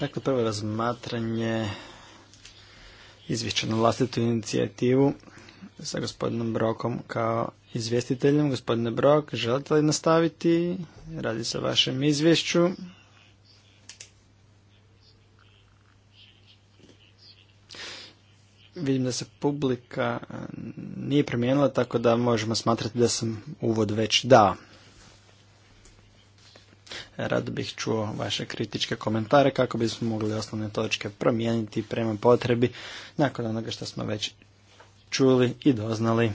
Dakle, prvo razmatranje izvješća na vlastitu inicijativu sa gospodinom Brokom kao izvjestiteljem. Gospodine Brok, želite li nastaviti? Radi se o vašem izvješću. Vidim da se publika eh, nije promijenila, tako da možemo smatrati da sam uvod već dao rad bih čuo vaše kritičke komentare kako bismo mogli osnovne točke promijeniti prema potrebi nakon onoga što smo već čuli i doznali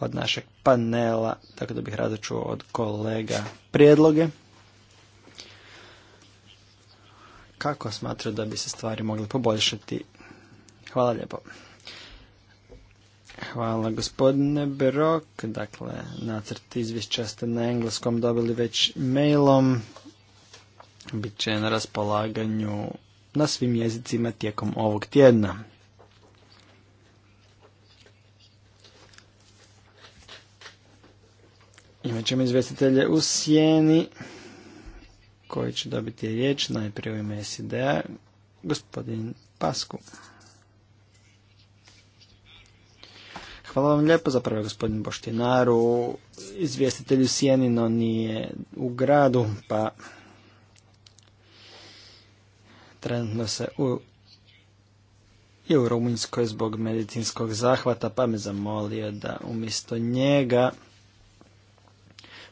od našeg panela, tako da bih rado čuo od kolega prijedloge. Kako smatra da bi se stvari mogle poboljšati? Hvala lijepo. Hvala gospodine Berok. Dakle, nacrt izvješća ste na engleskom dobili već mailom. će na raspolaganju na svim jezicima tijekom ovog tjedna. Imat ćemo izvjestitelje u sjeni koji će dobiti riječ najprije u ime SID-a, gospodin Pasku. Hvala vam lijepo, zapravo gospodin Boštinaru, izvjestitelju Sjenino nije u gradu, pa trenutno se u, je u Rumunjskoj zbog medicinskog zahvata, pa me zamolio da umjesto njega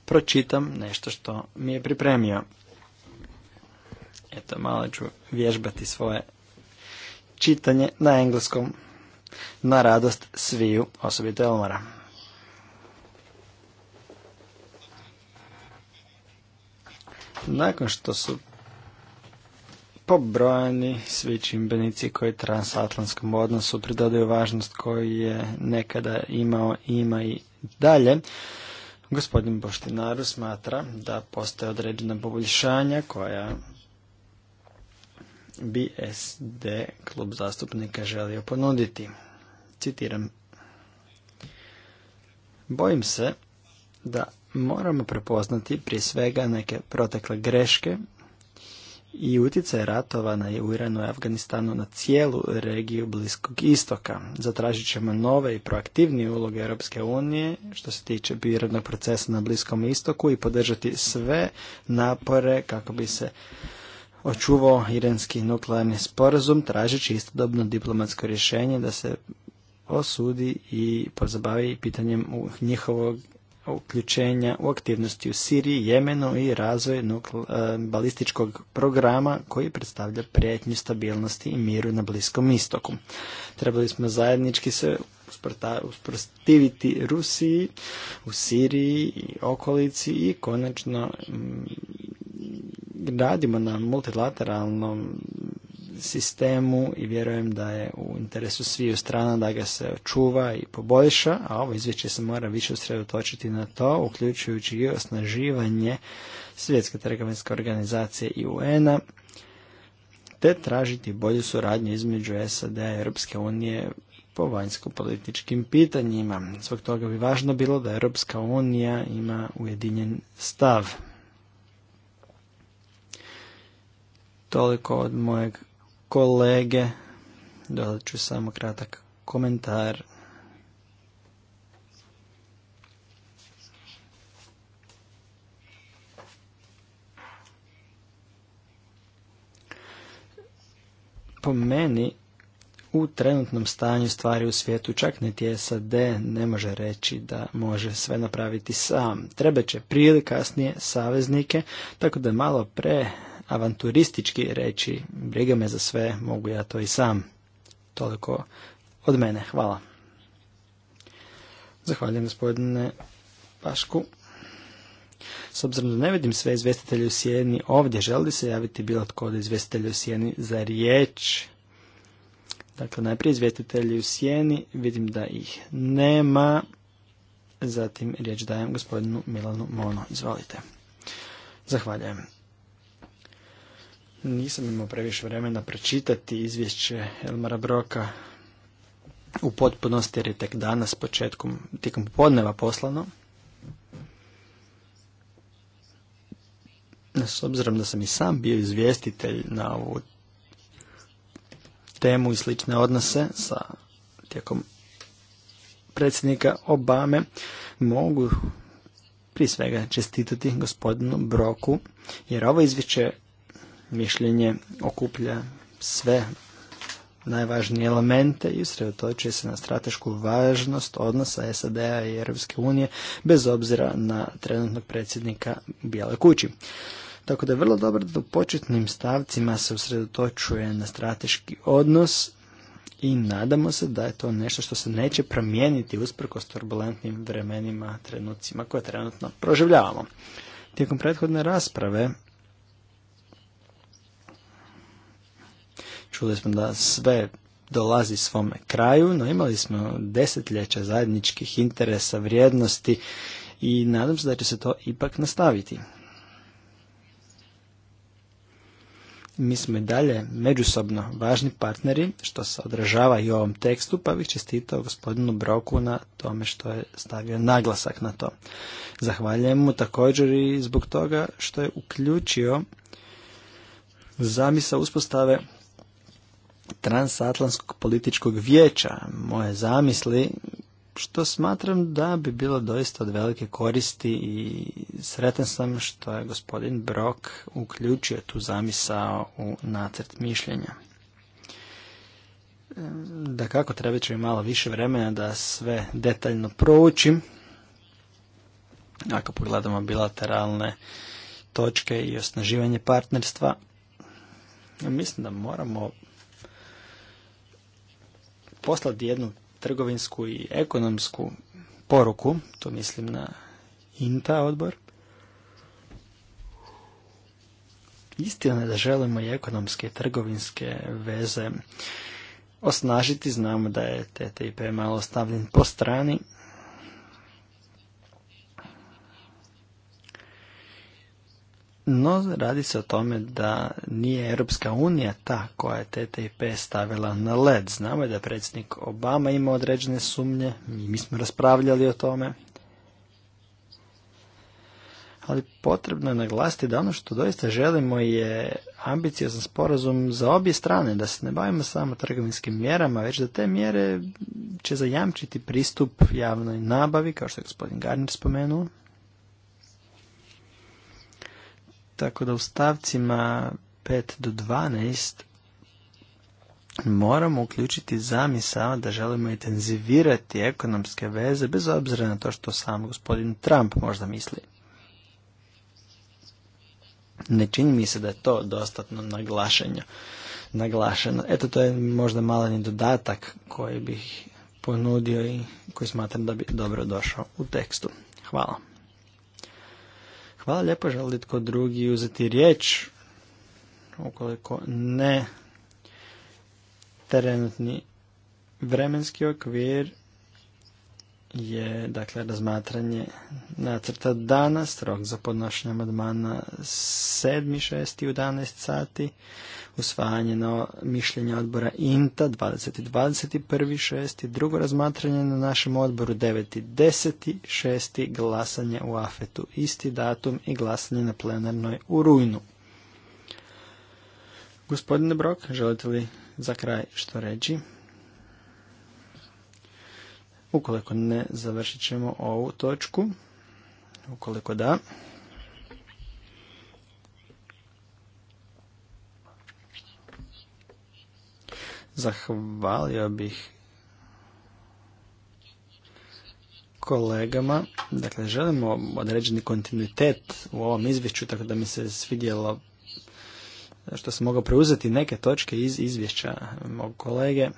pročitam nešto što mi je pripremio. Eto, malo ću vježbati svoje čitanje na engleskom na radost sviju, osobito Elmara. Nakon što su pobrojani svi čimbenici koji transatlantskom odnosu pridodaju važnost koju je nekada imao, ima i dalje, gospodin Boštinaru smatra da postoje određena poboljšanja koja BSD klub zastupnika želio ponuditi. Citiram. Bojim se da moramo prepoznati prije svega neke protekle greške i utjecaj ratova na u Iranu i Afganistanu na cijelu regiju Bliskog istoka. Zatražit ćemo nove i proaktivnije uloge Europske unije što se tiče birodnog procesa na Bliskom istoku i podržati sve napore kako bi se očuvao iranski nuklearni sporazum tražeći istodobno diplomatsko rješenje da se osudi i pozabavi pitanjem njihovog uključenja u aktivnosti u Siriji, Jemenu i razvoj e, balističkog programa koji predstavlja prijetnju stabilnosti i miru na Bliskom istoku. Trebali smo zajednički se usprotiviti Rusiji u Siriji i okolici i konačno mm, radimo na multilateralnom sistemu i vjerujem da je u interesu sviju strana da ga se očuva i poboljša, a ovo izvješće se mora više usredotočiti na to, uključujući i osnaživanje Svjetske trgovinske organizacije i UN-a, te tražiti bolju suradnju između sad i Europske unije po vanjsko-političkim pitanjima. Zbog toga bi važno bilo da Europska unija ima ujedinjen stav Toliko od mojeg kolege. Dodat ću samo kratak komentar. Po meni, u trenutnom stanju stvari u svijetu čak niti SAD ne može reći da može sve napraviti sam. Treba će prije ili kasnije saveznike, tako da malo pre avanturistički reći briga me za sve, mogu ja to i sam. Toliko od mene, hvala. Zahvaljujem gospodine Pašku. S obzirom da ne vidim sve izvestitelje u sjeni ovdje, želi li se javiti bilo tko od izvjestitelja u sjeni za riječ? Dakle, najprije izvjestitelji u sjeni, vidim da ih nema. Zatim riječ dajem gospodinu Milanu Mono. Izvolite. Zahvaljujem. Nisam imao previše vremena pročitati izvješće Elmara Broka u potpunosti jer je tek danas početkom, tijekom podneva poslano. S obzirom da sam i sam bio izvjestitelj na ovu temu i slične odnose sa tijekom predsjednika Obame, mogu prije svega čestitati gospodinu Broku, jer ovo izvješće mišljenje okuplja sve najvažnije elemente i usredotočuje se na stratešku važnost odnosa SAD-a i Europske unije bez obzira na trenutnog predsjednika Bijele kući. Tako da je vrlo dobro da u početnim stavcima se usredotočuje na strateški odnos i nadamo se da je to nešto što se neće promijeniti usprkos turbulentnim vremenima, trenucima koje trenutno proživljavamo. Tijekom prethodne rasprave Čuli smo da sve dolazi svome kraju, no imali smo desetljeća zajedničkih interesa, vrijednosti i nadam se da će se to ipak nastaviti. Mi smo i dalje međusobno važni partneri, što se odražava i u ovom tekstu, pa bih čestitao gospodinu Broku na tome što je stavio naglasak na to. Zahvaljujem mu također i zbog toga što je uključio zamisa uspostave transatlantskog političkog vijeća, moje zamisli, što smatram da bi bilo doista od velike koristi i sretan sam što je gospodin Brok uključio tu zamisao u nacrt mišljenja. Da kako treba će mi malo više vremena da sve detaljno proučim. Ako pogledamo bilateralne točke i osnaživanje partnerstva, mislim da moramo poslati jednu trgovinsku i ekonomsku poruku, to mislim na INTA odbor. Istina je da želimo i ekonomske i trgovinske veze osnažiti, znamo da je TTIP malo stavljen po strani, No, radi se o tome da nije Europska unija ta koja je TTIP stavila na led. Znamo je da predsjednik Obama ima određene sumnje, mi smo raspravljali o tome. Ali potrebno je naglasiti da ono što doista želimo je ambiciozan sporazum za obje strane, da se ne bavimo samo trgovinskim mjerama, već da te mjere će zajamčiti pristup javnoj nabavi, kao što je gospodin Garnier spomenuo, Tako da u stavcima 5 do 12 moramo uključiti zamisao da želimo intenzivirati ekonomske veze bez obzira na to što sam gospodin Trump možda misli. Ne čini mi se da je to dostatno naglašenja. Naglašeno. Eto, to je možda ni dodatak koji bih ponudio i koji smatram da bi dobro došao u tekstu. Hvala. Hvala lijepo, želi tko drugi uzeti riječ? Ukoliko ne, trenutni vremenski okvir je dakle razmatranje nacrta danas, rok za podnošenje amandmana 7.6. u 11 sati, usvajanje na mišljenje odbora INTA 20.21.6. drugo razmatranje na našem odboru 9. i glasanje u afetu, isti datum i glasanje na plenarnoj u rujnu. Gospodine Brok, želite li za kraj što reći? Ukoliko ne, završit ćemo ovu točku. Ukoliko da. Zahvalio bih kolegama. Dakle, želimo određeni kontinuitet u ovom izvješću, tako da mi se svidjelo što sam mogao preuzeti neke točke iz izvješća mog kolege.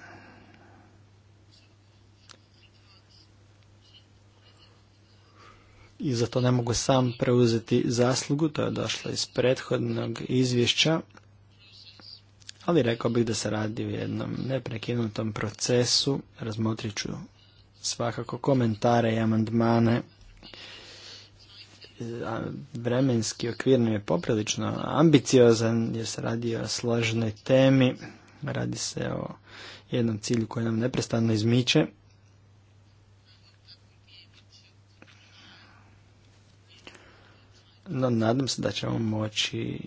i za to ne mogu sam preuzeti zaslugu, to je došlo iz prethodnog izvješća, ali rekao bih da se radi u jednom neprekinutom procesu, razmotrit ću svakako komentare i amandmane. Vremenski okvir je poprilično ambiciozan jer se radi o složenoj temi, radi se o jednom cilju koji nam neprestano izmiče. no nadam se da ćemo moći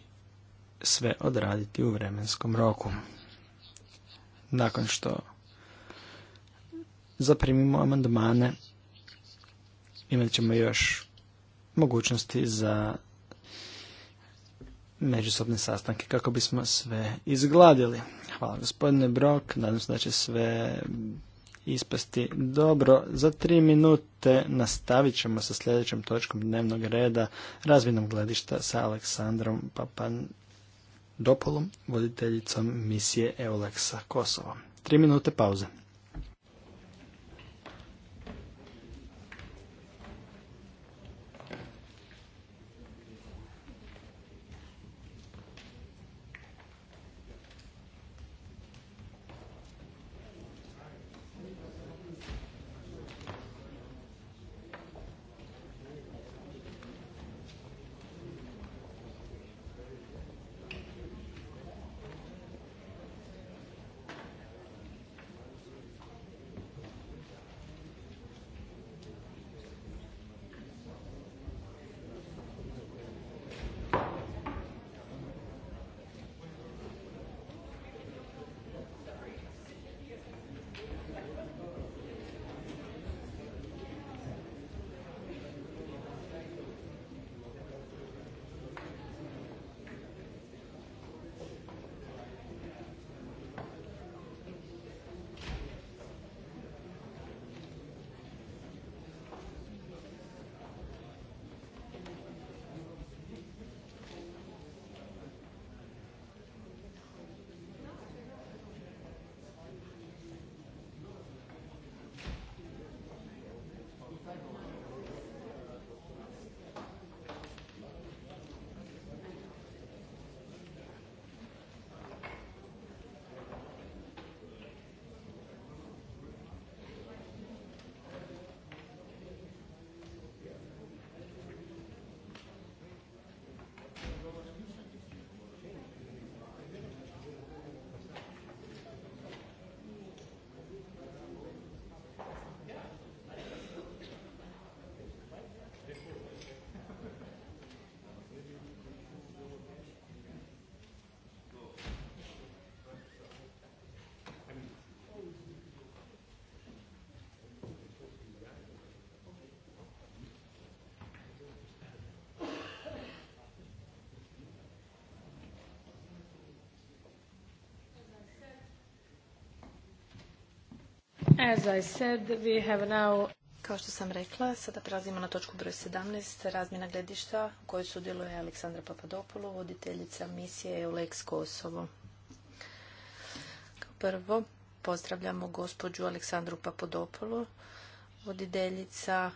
sve odraditi u vremenskom roku. Nakon što zaprimimo amandmane, imat ćemo još mogućnosti za međusobne sastanke kako bismo sve izgladili. Hvala gospodine Brok, nadam se da će sve ispasti dobro. Za tri minute nastavit ćemo sa sljedećom točkom dnevnog reda razvinom gledišta sa Aleksandrom Papan Dopolom, voditeljicom misije Euleksa Kosovo. Tri minute pauze. As Kao što sam rekla, sada prelazimo na točku broj 17, razmjena gledišta u kojoj sudjeluje Aleksandra Papadopoulou, voditeljica misije EULEX Kosovo. Kao prvo, pozdravljamo gospođu Aleksandru Papadopoulou, voditeljica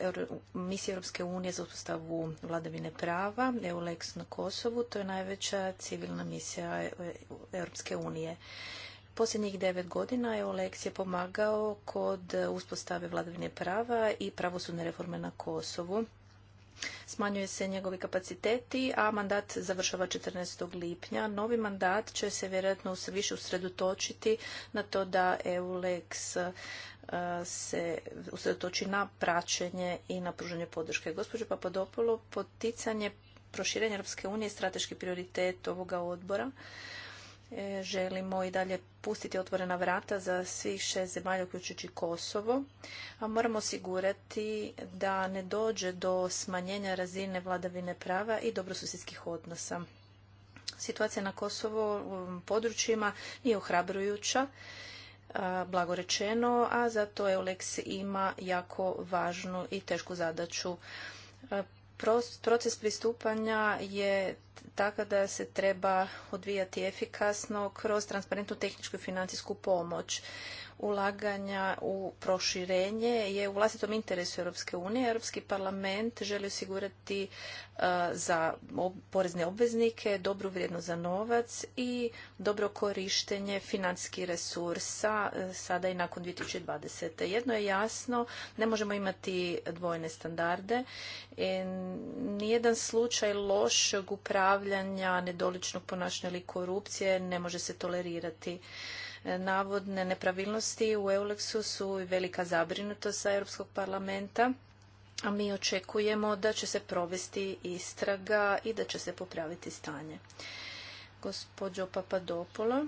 eh, misije Europske unije za uspostavu vladavine prava, EULEX na Kosovu. To je najveća civilna misija eh, Europske unije. Posljednjih devet godina je je pomagao kod uspostave vladavine prava i pravosudne reforme na Kosovu. Smanjuje se njegovi kapaciteti, a mandat završava 14. lipnja. Novi mandat će se vjerojatno više usredotočiti na to da EULEX e, se usredotoči na praćenje i na pružanje podrške. Gospođo Papadopolo, poticanje proširenja Europske unije je strateški prioritet ovoga odbora E, želimo i dalje pustiti otvorena vrata za svih šest zemalja, uključujući Kosovo, a moramo osigurati da ne dođe do smanjenja razine vladavine prava i dobrosusjedskih odnosa. Situacija na Kosovo područjima nije ohrabrujuća, blago rečeno, a zato EULEX ima jako važnu i tešku zadaću e, proces pristupanja je takav da se treba odvijati efikasno kroz transparentnu tehničku i financijsku pomoć ulaganja u proširenje je u vlastitom interesu Europske unije. Europski parlament želi osigurati e, za porezne obveznike dobru vrijednost za novac i dobro korištenje financijskih resursa e, sada i nakon 2020. Jedno je jasno, ne možemo imati dvojne standarde. E, nijedan slučaj lošeg upravljanja, nedoličnog ponašanja ili korupcije ne može se tolerirati. Navodne nepravilnosti u Eulexu su i velika zabrinutost Europskog parlamenta. A mi očekujemo da će se provesti istraga i da će se popraviti stanje. Gospođo Papadopolo,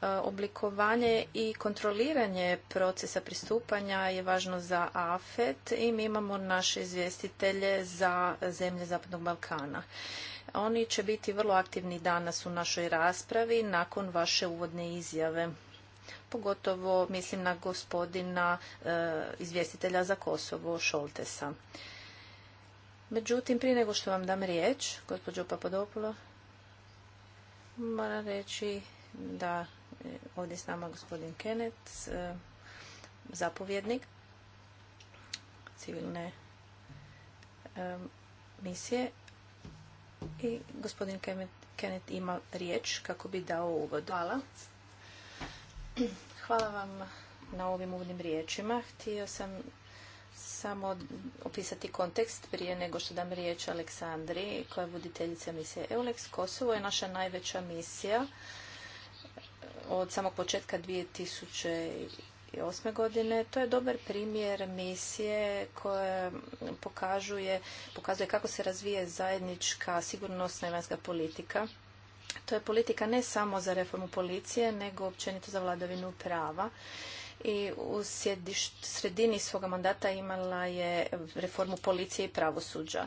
oblikovanje i kontroliranje procesa pristupanja je važno za AFET i mi imamo naše izvjestitelje za zemlje Zapadnog Balkana. Oni će biti vrlo aktivni danas u našoj raspravi nakon vaše uvodne izjave. Pogotovo mislim na gospodina e, izvjestitelja za Kosovo Šoltesa. Međutim, prije nego što vam dam riječ, gospođo Papadopulo, moram reći da e, ovdje s nama gospodin Kenet, e, zapovjednik civilne misije i gospodin Kenneth ima riječ kako bi dao uvod. Hvala. Hvala vam na ovim uvodnim riječima. Htio sam samo opisati kontekst prije nego što dam riječ Aleksandri, koja je voditeljica misije EULEX. Kosovo je naša najveća misija od samog početka 2000 2008. godine. To je dobar primjer misije koja pokazuje, pokazuje kako se razvije zajednička sigurnosna i vanjska politika. To je politika ne samo za reformu policije, nego općenito za vladavinu prava i u sredini svoga mandata imala je reformu policije i pravosuđa.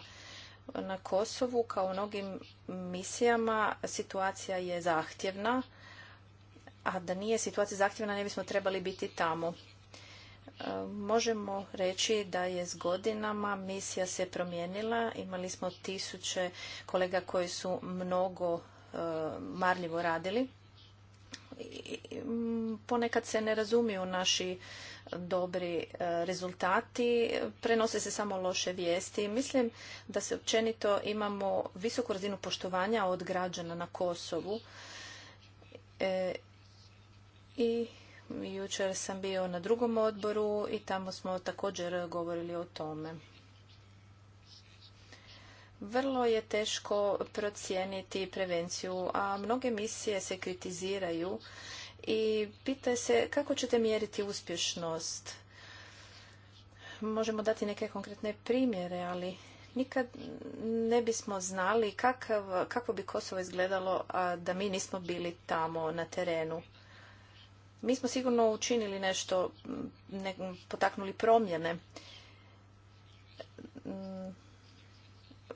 Na Kosovu, kao u mnogim misijama, situacija je zahtjevna a da nije situacija zahtjevna ne bismo trebali biti tamo. E, možemo reći da je s godinama misija se promijenila. Imali smo tisuće kolega koji su mnogo e, marljivo radili. Ponekad se ne razumiju naši dobri e, rezultati, prenose se samo loše vijesti. Mislim da se općenito imamo visoku razinu poštovanja od građana na Kosovu i jučer sam bio na drugom odboru i tamo smo također govorili o tome. Vrlo je teško procijeniti prevenciju, a mnoge misije se kritiziraju i pita se kako ćete mjeriti uspješnost. Možemo dati neke konkretne primjere, ali nikad ne bismo znali kakav, kako bi Kosovo izgledalo da mi nismo bili tamo na terenu. Mi smo sigurno učinili nešto, potaknuli promjene mm,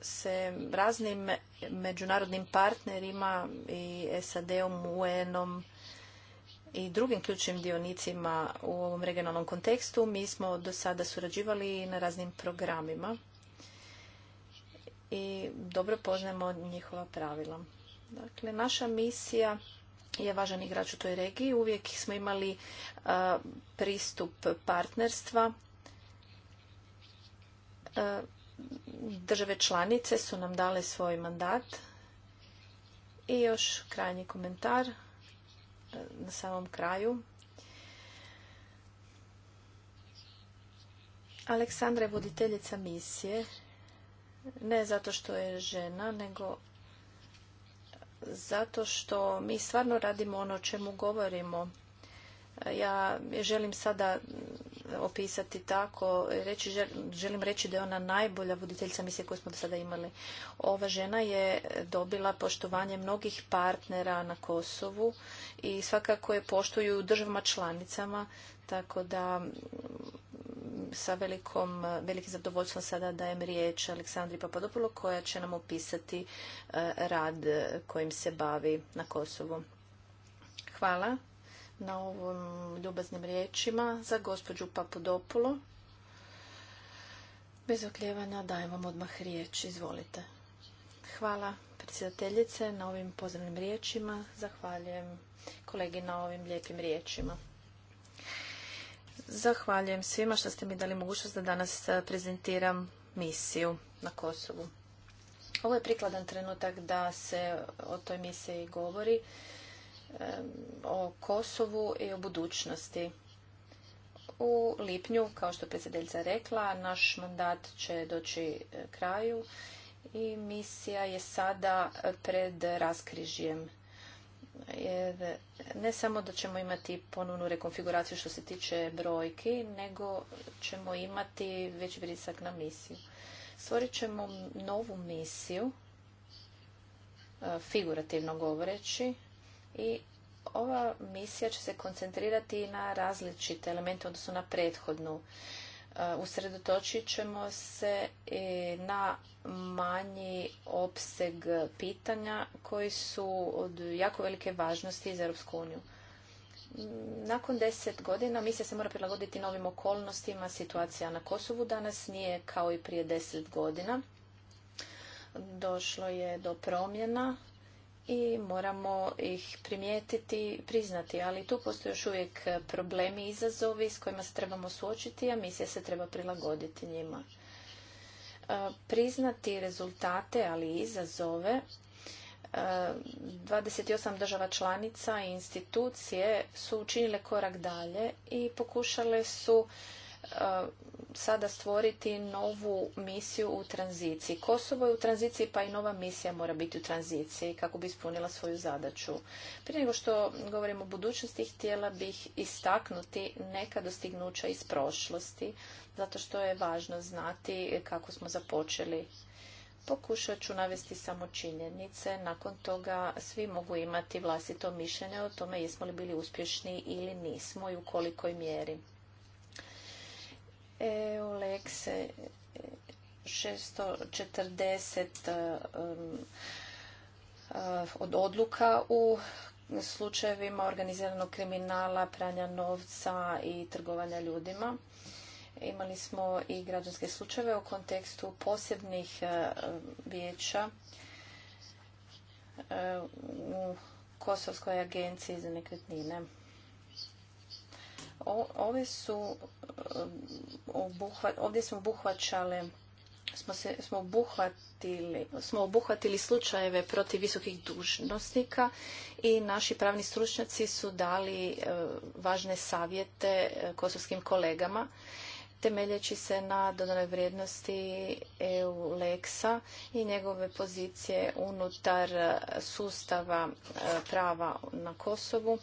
se raznim međunarodnim partnerima i SAD-om, UN-om i drugim ključnim dionicima u ovom regionalnom kontekstu. Mi smo do sada surađivali na raznim programima i dobro poznajemo njihova pravila. Dakle, naša misija je važan igrač u toj regiji. Uvijek smo imali e, pristup partnerstva. E, države članice su nam dale svoj mandat. I još krajnji komentar e, na samom kraju. Aleksandra je voditeljica misije, ne zato što je žena, nego zato što mi stvarno radimo ono o čemu govorimo ja želim sada opisati tako, reći, želim reći da je ona najbolja voditeljica misije koju smo do sada imali. Ova žena je dobila poštovanje mnogih partnera na Kosovu i svakako je poštuju državama članicama, tako da sa velikom, velikim zadovoljstvom sada dajem riječ Aleksandri Papadopulo koja će nam opisati e, rad kojim se bavi na Kosovu. Hvala na ovim ljubaznim riječima za gospođu Papudopulo. Bez okljevanja dajem vam odmah riječ. Izvolite. Hvala predsjedateljice na ovim pozdravnim riječima. Zahvaljujem kolegi na ovim lijepim riječima. Zahvaljujem svima što ste mi dali mogućnost da danas e, prezentiram misiju na Kosovu. Ovo je prikladan trenutak da se o toj misiji govori o Kosovu i o budućnosti. U lipnju, kao što predsjedeljica rekla, naš mandat će doći e, kraju i misija je sada pred raskrižjem. ne samo da ćemo imati ponovnu rekonfiguraciju što se tiče brojki, nego ćemo imati već brisak na misiju. Stvorit ćemo novu misiju, e, figurativno govoreći, i ova misija će se koncentrirati na različite elemente, odnosno na prethodnu. E, usredotočit ćemo se na manji opseg pitanja koji su od jako velike važnosti za Europsku uniju. Nakon deset godina misija se mora prilagoditi novim okolnostima. Situacija na Kosovu danas nije kao i prije deset godina. Došlo je do promjena i moramo ih primijetiti, priznati, ali tu postoje još uvijek problemi i izazovi s kojima se trebamo suočiti, a misija se treba prilagoditi njima. E, priznati rezultate, ali i izazove, 28 e, država članica i institucije su učinile korak dalje i pokušale su Eh, sada stvoriti novu misiju u tranziciji. Kosovo je u tranziciji, pa i nova misija mora biti u tranziciji kako bi ispunila svoju zadaću. Prije nego što govorimo o budućnosti, htjela bih istaknuti neka dostignuća iz prošlosti, zato što je važno znati kako smo započeli. Pokušat ću navesti samo činjenice, nakon toga svi mogu imati vlastito mišljenje o tome jesmo li bili uspješni ili nismo i u kolikoj mjeri. EOLEX 640 um, od odluka u slučajevima organiziranog kriminala, pranja novca i trgovanja ljudima. Imali smo i građanske slučajeve u kontekstu posebnih uh, vijeća uh, u Kosovskoj agenciji za nekretnine. Ove su um, ovdje smo obuhvaćale smo, se, smo, obuhvatili, smo slučajeve protiv visokih dužnosnika i naši pravni stručnjaci su dali e, važne savjete e, kosovskim kolegama temeljeći se na dodanoj vrijednosti EU Lexa i njegove pozicije unutar sustava e, prava na Kosovu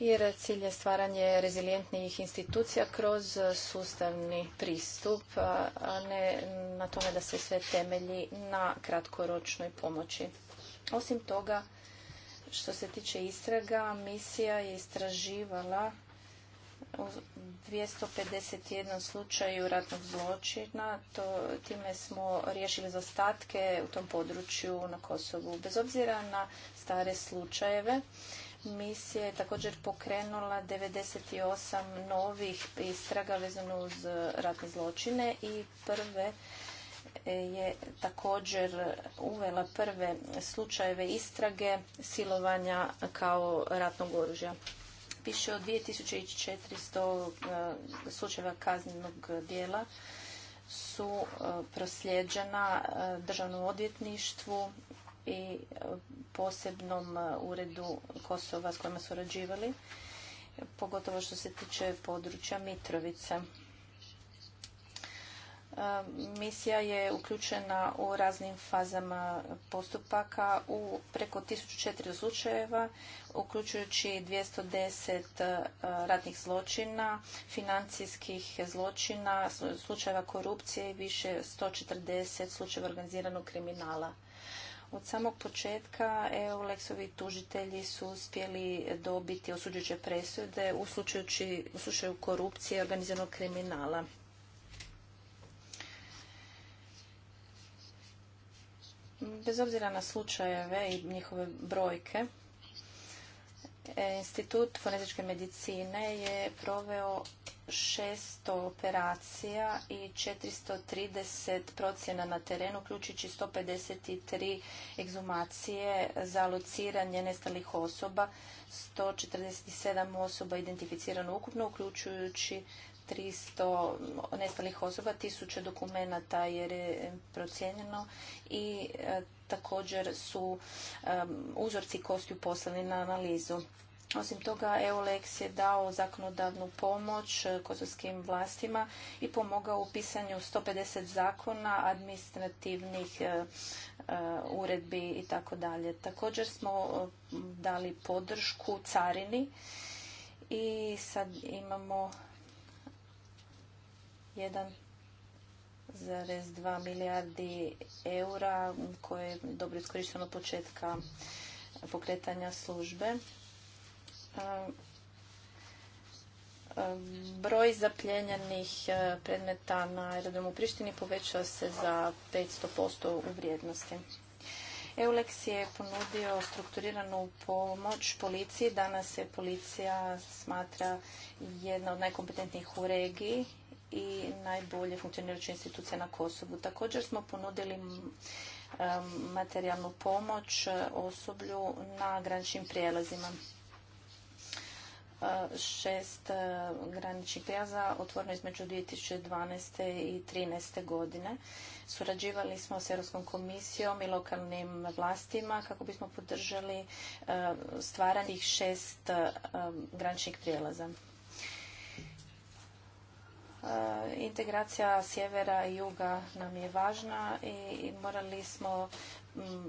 jer cilj je stvaranje rezilijentnijih institucija kroz sustavni pristup, a ne na tome da se sve temelji na kratkoročnoj pomoći. Osim toga, što se tiče istraga, misija je istraživala u 251 slučaju ratnog zločina. To, time smo riješili zastatke u tom području na Kosovu. Bez obzira na stare slučajeve, misija je također pokrenula 98 novih istraga vezano uz ratne zločine i prve e, je također uvela prve slučajeve istrage silovanja kao ratnog oružja. Više od 2400 e, slučajeva kaznenog dijela su e, proslijeđena državnom odvjetništvu i posebnom uredu Kosova s kojima su rađivali, pogotovo što se tiče područja Mitrovice. E, misija je uključena u raznim fazama postupaka u preko 1400 slučajeva, uključujući 210 e, ratnih zločina, financijskih zločina, slučajeva korupcije i više 140 slučajeva organiziranog kriminala. Od samog početka EULEX-ovi tužitelji su uspjeli dobiti osuđujuće presude u slučaju korupcije i organiziranog kriminala. Bez obzira na slučajeve i njihove brojke, E, Institut fonetičke medicine je proveo 600 operacija i 430 procjena na terenu, uključujući 153 egzumacije za lociranje nestalih osoba, 147 osoba identificirano ukupno, uključujući 300 nestalih osoba, 1000 dokumenata jer je procijenjeno i e, također su uzorci kostiju poslani na analizu. Osim toga, EULEX je dao zakonodavnu pomoć e, kosovskim vlastima i pomogao u pisanju 150 zakona, administrativnih e, e, uredbi i tako dalje. Također smo dali podršku carini i sad imamo jedan 1,2 milijardi eura koje je dobro iskorišteno od početka pokretanja službe. Broj zapljenjenih e, predmeta na aerodromu Prištini povećao se za 500% u vrijednosti. Eulex je ponudio strukturiranu pomoć policiji. Danas se policija smatra jedna od najkompetentnijih u regiji i najbolje funkcionirajuće institucije na Kosovu. Također smo ponudili materijalnu pomoć e, osoblju na graničnim prijelazima. E, šest e, graničnih prijelaza otvoreno između 2012. i 2013. godine. Surađivali smo s Europskom komisijom i lokalnim vlastima kako bismo podržali stvaranih šest graničnih prijelaza. E, integracija sjevera i juga nam je važna i morali smo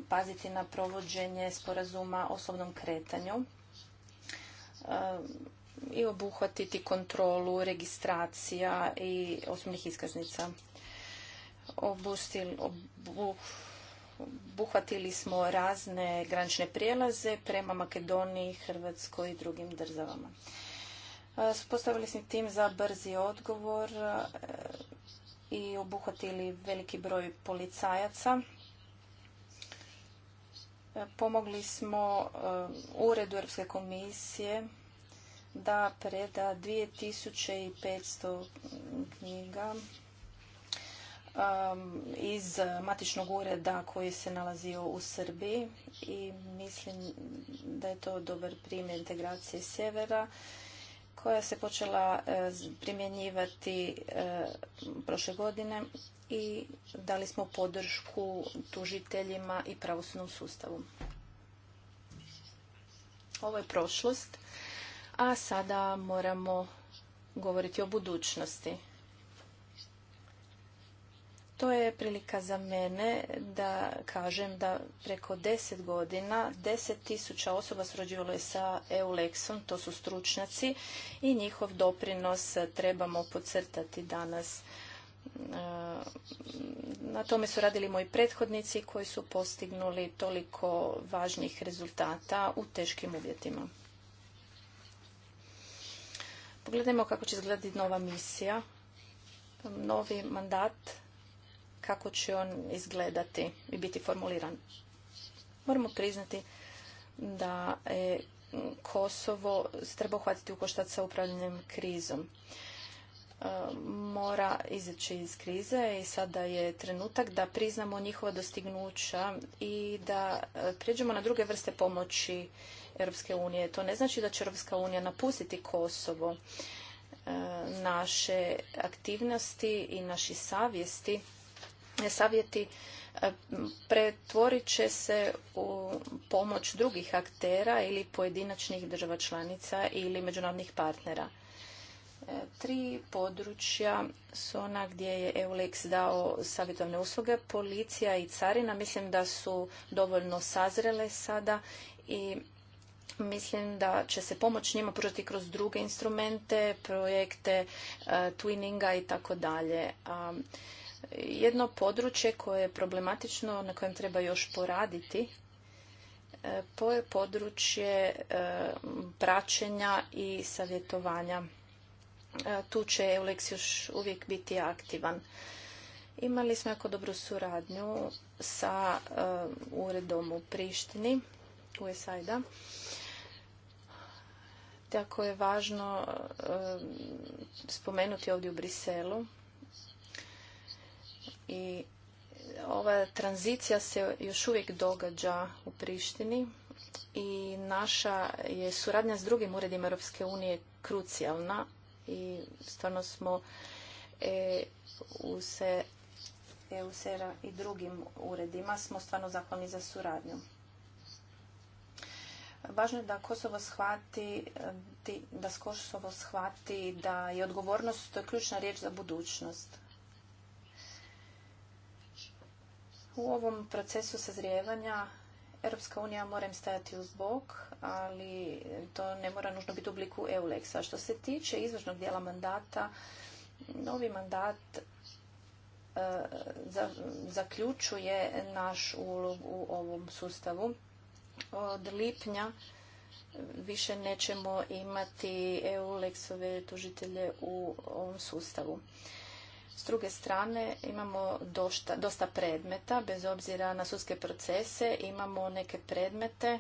paziti na provođenje sporazuma o slobodnom kretanju e, i obuhvatiti kontrolu registracija i osobnih iskaznica. obuhvatili smo razne granične prijelaze prema Makedoniji, Hrvatskoj i drugim državama. E, postavili smo tim za brzi odgovor e, i obuhvatili veliki broj policajaca. E, pomogli smo Uredu Europske komisije da preda 2500 knjiga um, iz matičnog ureda koji se nalazio u Srbiji i mislim da je to dobar primjer integracije sjevera koja se počela e, primjenjivati e, prošle godine i dali smo podršku tužiteljima i pravosudnom sustavu. Ovo je prošlost, a sada moramo govoriti o budućnosti. To je prilika za mene da kažem da preko deset godina deset tisuća osoba srođivalo je sa eulex to su stručnjaci i njihov doprinos trebamo podcrtati danas. E, na tome su radili moji prethodnici koji su postignuli toliko važnih rezultata u teškim uvjetima. Pogledajmo kako će izgledati nova misija, novi mandat kako će on izgledati i biti formuliran. Moramo priznati da je Kosovo treba uhvatiti u koštac sa upravljanjem krizom. E, mora izaći iz krize i sada je trenutak da priznamo njihova dostignuća i da e, prijeđemo na druge vrste pomoći Europske unije. To ne znači da će Europska unija napustiti Kosovo. E, naše aktivnosti i naši savjesti savjeti e, pretvorit će se u pomoć drugih aktera ili pojedinačnih država članica ili međunarodnih partnera. E, tri područja su ona gdje je EULEX dao savjetovne usluge. Policija i carina mislim da su dovoljno sazrele sada i mislim da će se pomoć njima pružati kroz druge instrumente, projekte e, twinninga twininga i tako dalje jedno područje koje je problematično, na kojem treba još poraditi, e, to je područje e, praćenja i savjetovanja. E, tu će Eulex još uvijek biti aktivan. Imali smo jako dobru suradnju sa uredom u Prištini, USAID-a. Tako je važno spomenuti ovdje u Briselu i ova tranzicija se još uvijek događa u Prištini i naša je suradnja s drugim uredima Europske unije krucijalna i stvarno smo e, u se e, i drugim uredima smo stvarno zahvalni za suradnju. Važno je da Kosovo shvati da Kosovo shvati da je odgovornost to je ključna riječ za budućnost. U ovom procesu sazrijevanja Europska unija mora im stajati uz bok, ali to ne mora nužno biti u obliku EULEX-a. Što se tiče izvršnog dijela mandata, novi mandat e, zaključuje naš ulog u ovom sustavu. Od lipnja više nećemo imati EULEX-ove tužitelje u ovom sustavu. S druge strane imamo dosta, dosta predmeta, bez obzira na sudske procese, imamo neke predmete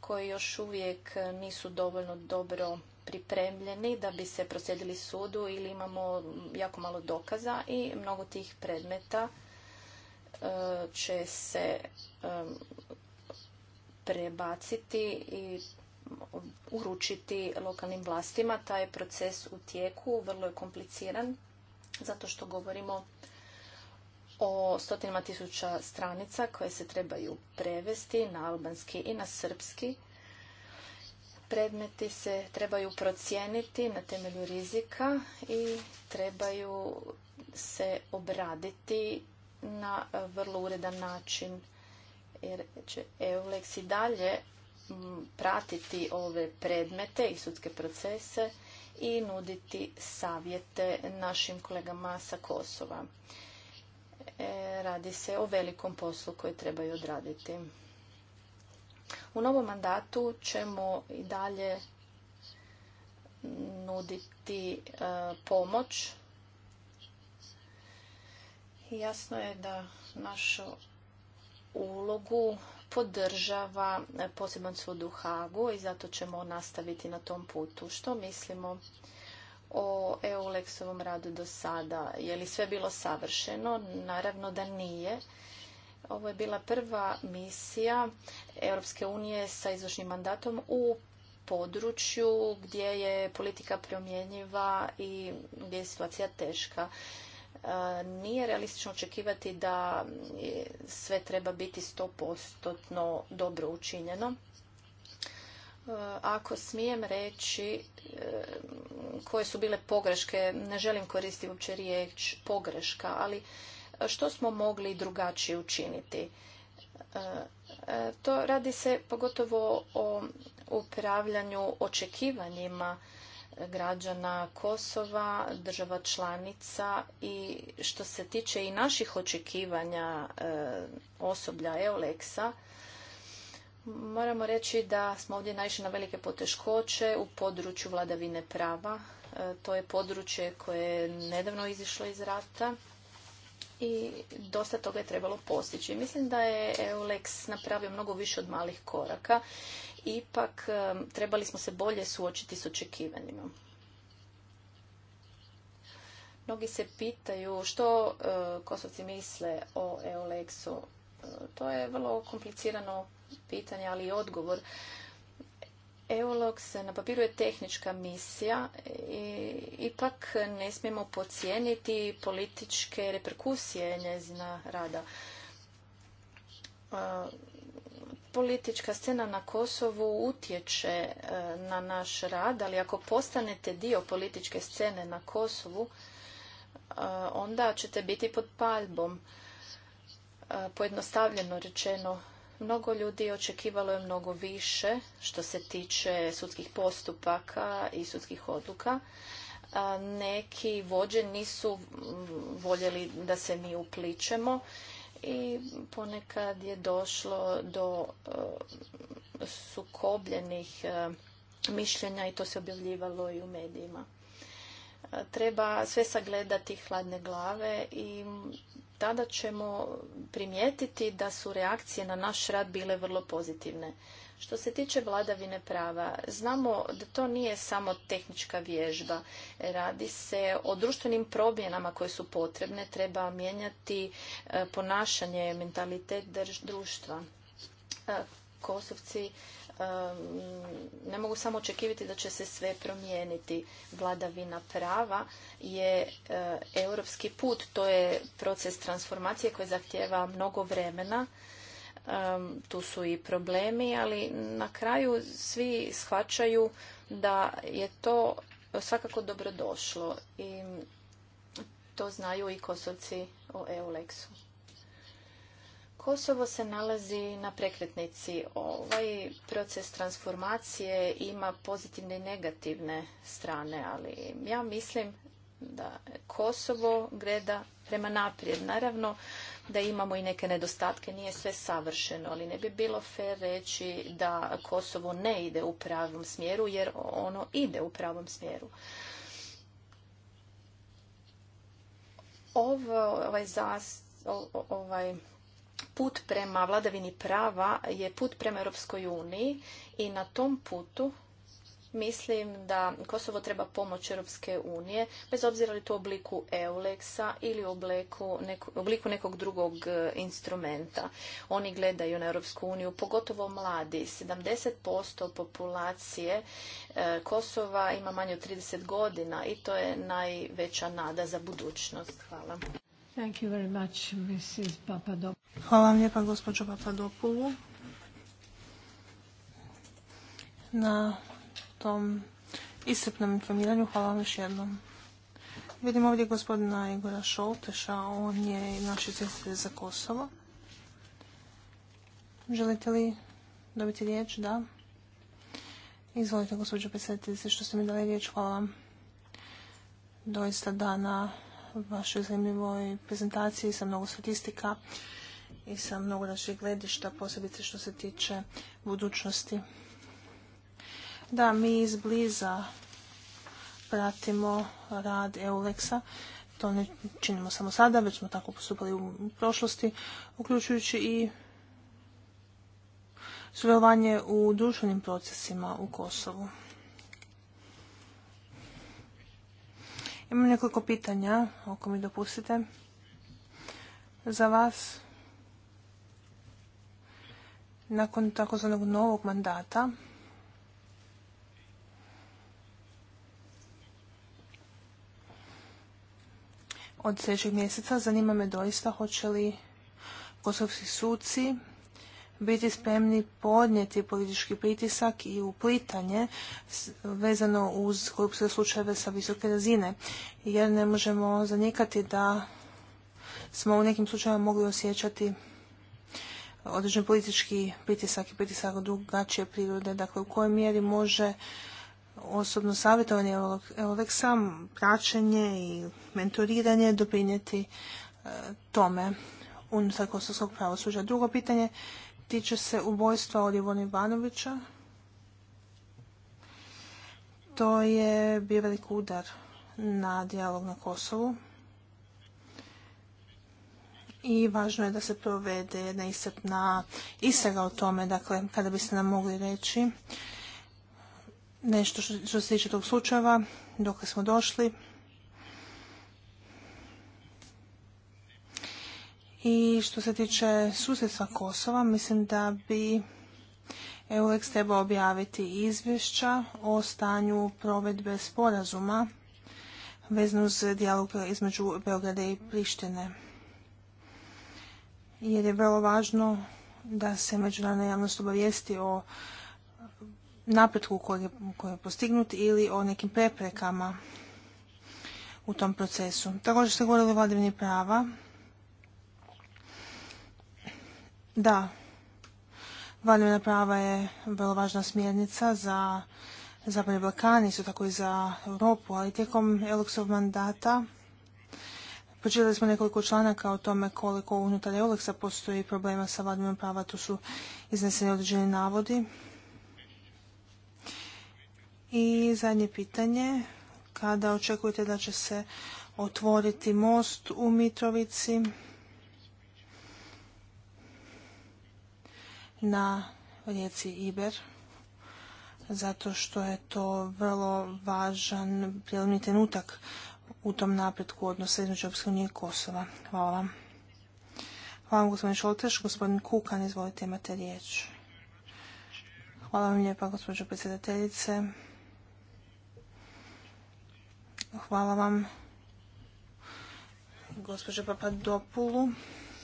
koji još uvijek nisu dovoljno dobro pripremljeni da bi se prosjedili sudu ili imamo jako malo dokaza i mnogo tih predmeta e, će se e, prebaciti i uručiti lokalnim vlastima. Taj proces u tijeku, vrlo je kompliciran zato što govorimo o stotinama tisuća stranica koje se trebaju prevesti na albanski i na srpski. Predmeti se trebaju procijeniti na temelju rizika i trebaju se obraditi na vrlo uredan način jer će Eulex i dalje pratiti ove predmete i sudske procese i nuditi savjete našim kolegama sa Kosova. E, radi se o velikom poslu koji trebaju odraditi. U novom mandatu ćemo i dalje nuditi e, pomoć. Jasno je da našu ulogu podržava poseban sud u Hagu i zato ćemo nastaviti na tom putu. Što mislimo o EULEX-ovom radu do sada? Je li sve bilo savršeno? Naravno da nije. Ovo je bila prva misija Europske unije sa izvršnim mandatom u području gdje je politika promjenjiva i gdje je situacija teška nije realistično očekivati da sve treba biti 100% dobro učinjeno. Ako smijem reći e, koje su bile pogreške, ne želim koristiti uopće riječ pogreška, ali što smo mogli drugačije učiniti? E, e, to radi se pogotovo o upravljanju očekivanjima građana Kosova, država članica i što se tiče i naših očekivanja e, osoblja Euleksa, moramo reći da smo ovdje naišli na velike poteškoće u području vladavine prava. E, to je područje koje je nedavno izišlo iz rata i dosta toga je trebalo postići. Mislim da je Eulex napravio mnogo više od malih koraka. Ipak trebali smo se bolje suočiti s očekivanjima. Mnogi se pitaju što e, kosovci misle o Eulexu. E, to je vrlo komplicirano pitanje, ali i odgovor se na papiru je tehnička misija i ipak ne smijemo pocijeniti političke reperkusije njezina rada. E, politička scena na Kosovu utječe e, na naš rad, ali ako postanete dio političke scene na Kosovu, e, onda ćete biti pod paljbom. Pojednostavljeno rečeno, Mnogo ljudi očekivalo je mnogo više što se tiče sudskih postupaka i sudskih odluka. Neki vođe nisu voljeli da se mi upličemo i ponekad je došlo do e, sukobljenih e, mišljenja i to se objavljivalo i u medijima. E, treba sve sagledati hladne glave i tada ćemo primijetiti da su reakcije na naš rad bile vrlo pozitivne. Što se tiče vladavine prava, znamo da to nije samo tehnička vježba. Radi se o društvenim promjenama koje su potrebne, treba mijenjati e, ponašanje, mentalitet društva. E, Kosovci ne mogu samo očekivati da će se sve promijeniti. Vladavina prava je e, europski put, to je proces transformacije koji zahtjeva mnogo vremena. Tu su i problemi, ali na kraju svi shvaćaju da je to svakako dobrodošlo i to znaju i kosovci o EULEX-u. Kosovo se nalazi na prekretnici. Ovaj proces transformacije ima pozitivne i negativne strane, ali ja mislim da Kosovo greda prema naprijed. Naravno da imamo i neke nedostatke, nije sve savršeno, ali ne bi bilo fair reći da Kosovo ne ide u pravom smjeru, jer ono ide u pravom smjeru. Ovo, ovaj, zas, ovaj put prema vladavini prava je put prema Europskoj uniji i na tom putu mislim da Kosovo treba pomoć Europske unije, bez obzira li to u obliku eulex ili obliku, obliku nekog drugog e, instrumenta. Oni gledaju na Europsku uniju, pogotovo mladi. 70% populacije e, Kosova ima manje od 30 godina i to je najveća nada za budućnost. Hvala. Thank you very much, Mrs. Hvala vam lijepa, gospođo Papadopoulou, na tom iscrpnom informiranju. Hvala vam još jednom. Vidim ovdje gospodina Igora Šolteša, on je naš izvjestitelj za Kosovo. Želite li dobiti riječ? Da. Izvolite, gospođo predsjedateljice, što ste mi dali riječ. Hvala Doista da na vašoj zanimljivoj prezentaciji sa mnogo statistika i sa mnogo naših gledišta, posebice što se tiče budućnosti. Da, mi izbliza pratimo rad Eulexa, To ne činimo samo sada, već smo tako postupali u prošlosti, uključujući i sudjelovanje u društvenim procesima u Kosovu. Imam nekoliko pitanja, ako mi dopustite, za vas. Nakon takozvanog novog mandata, od sljedećeg mjeseca zanima me doista hoće li kosovski suci biti spremni podnijeti politički pritisak i uplitanje vezano uz korupcijske slučajeve sa visoke razine. Jer ne možemo zanikati da smo u nekim slučajevima mogli osjećati određen politički pritisak i pritisak drugačije prirode, dakle u kojoj mjeri može osobno savjetovanje Eulex sam praćenje i mentoriranje doprinijeti e, tome unutar kosovskog pravosuđa. Drugo pitanje tiče se ubojstva Ivona Ivanovića. To je bio velik udar na dijalog na Kosovu. I važno je da se provede jedna iscrpna istraga o tome, dakle, kada biste nam mogli reći nešto što se tiče tog slučajeva, dok smo došli. I što se tiče susjedstva Kosova, mislim da bi EUX trebao objaviti izvješća o stanju provedbe sporazuma vezno uz dijalog između Beograde i Prištine. Jer je vrlo važno da se međunarodna javnost obavijesti o napretku koji je, koji je postignut ili o nekim preprekama u tom procesu. Također ste govorili o vladavini prava Da, vladavina prava je vrlo važna smjernica za Zapadni Balkan, isto tako i za Europu, ali tijekom Eluxov mandata Počitali smo nekoliko članaka o tome koliko unutar Eulexa postoji problema sa vladavinom prava. Tu su izneseni određeni navodi. I zadnje pitanje. Kada očekujete da će se otvoriti most u Mitrovici? na rijeci Iber, zato što je to vrlo važan prijelomni trenutak u tom napretku odnosa između Europske i Kosova. Hvala vam. Hvala vam, gospodin Šolteš. Gospodin Kukan, izvolite, imate riječ. Hvala vam lijepa, gospođo predsjedateljice. Hvala vam, gospođo Papadopulu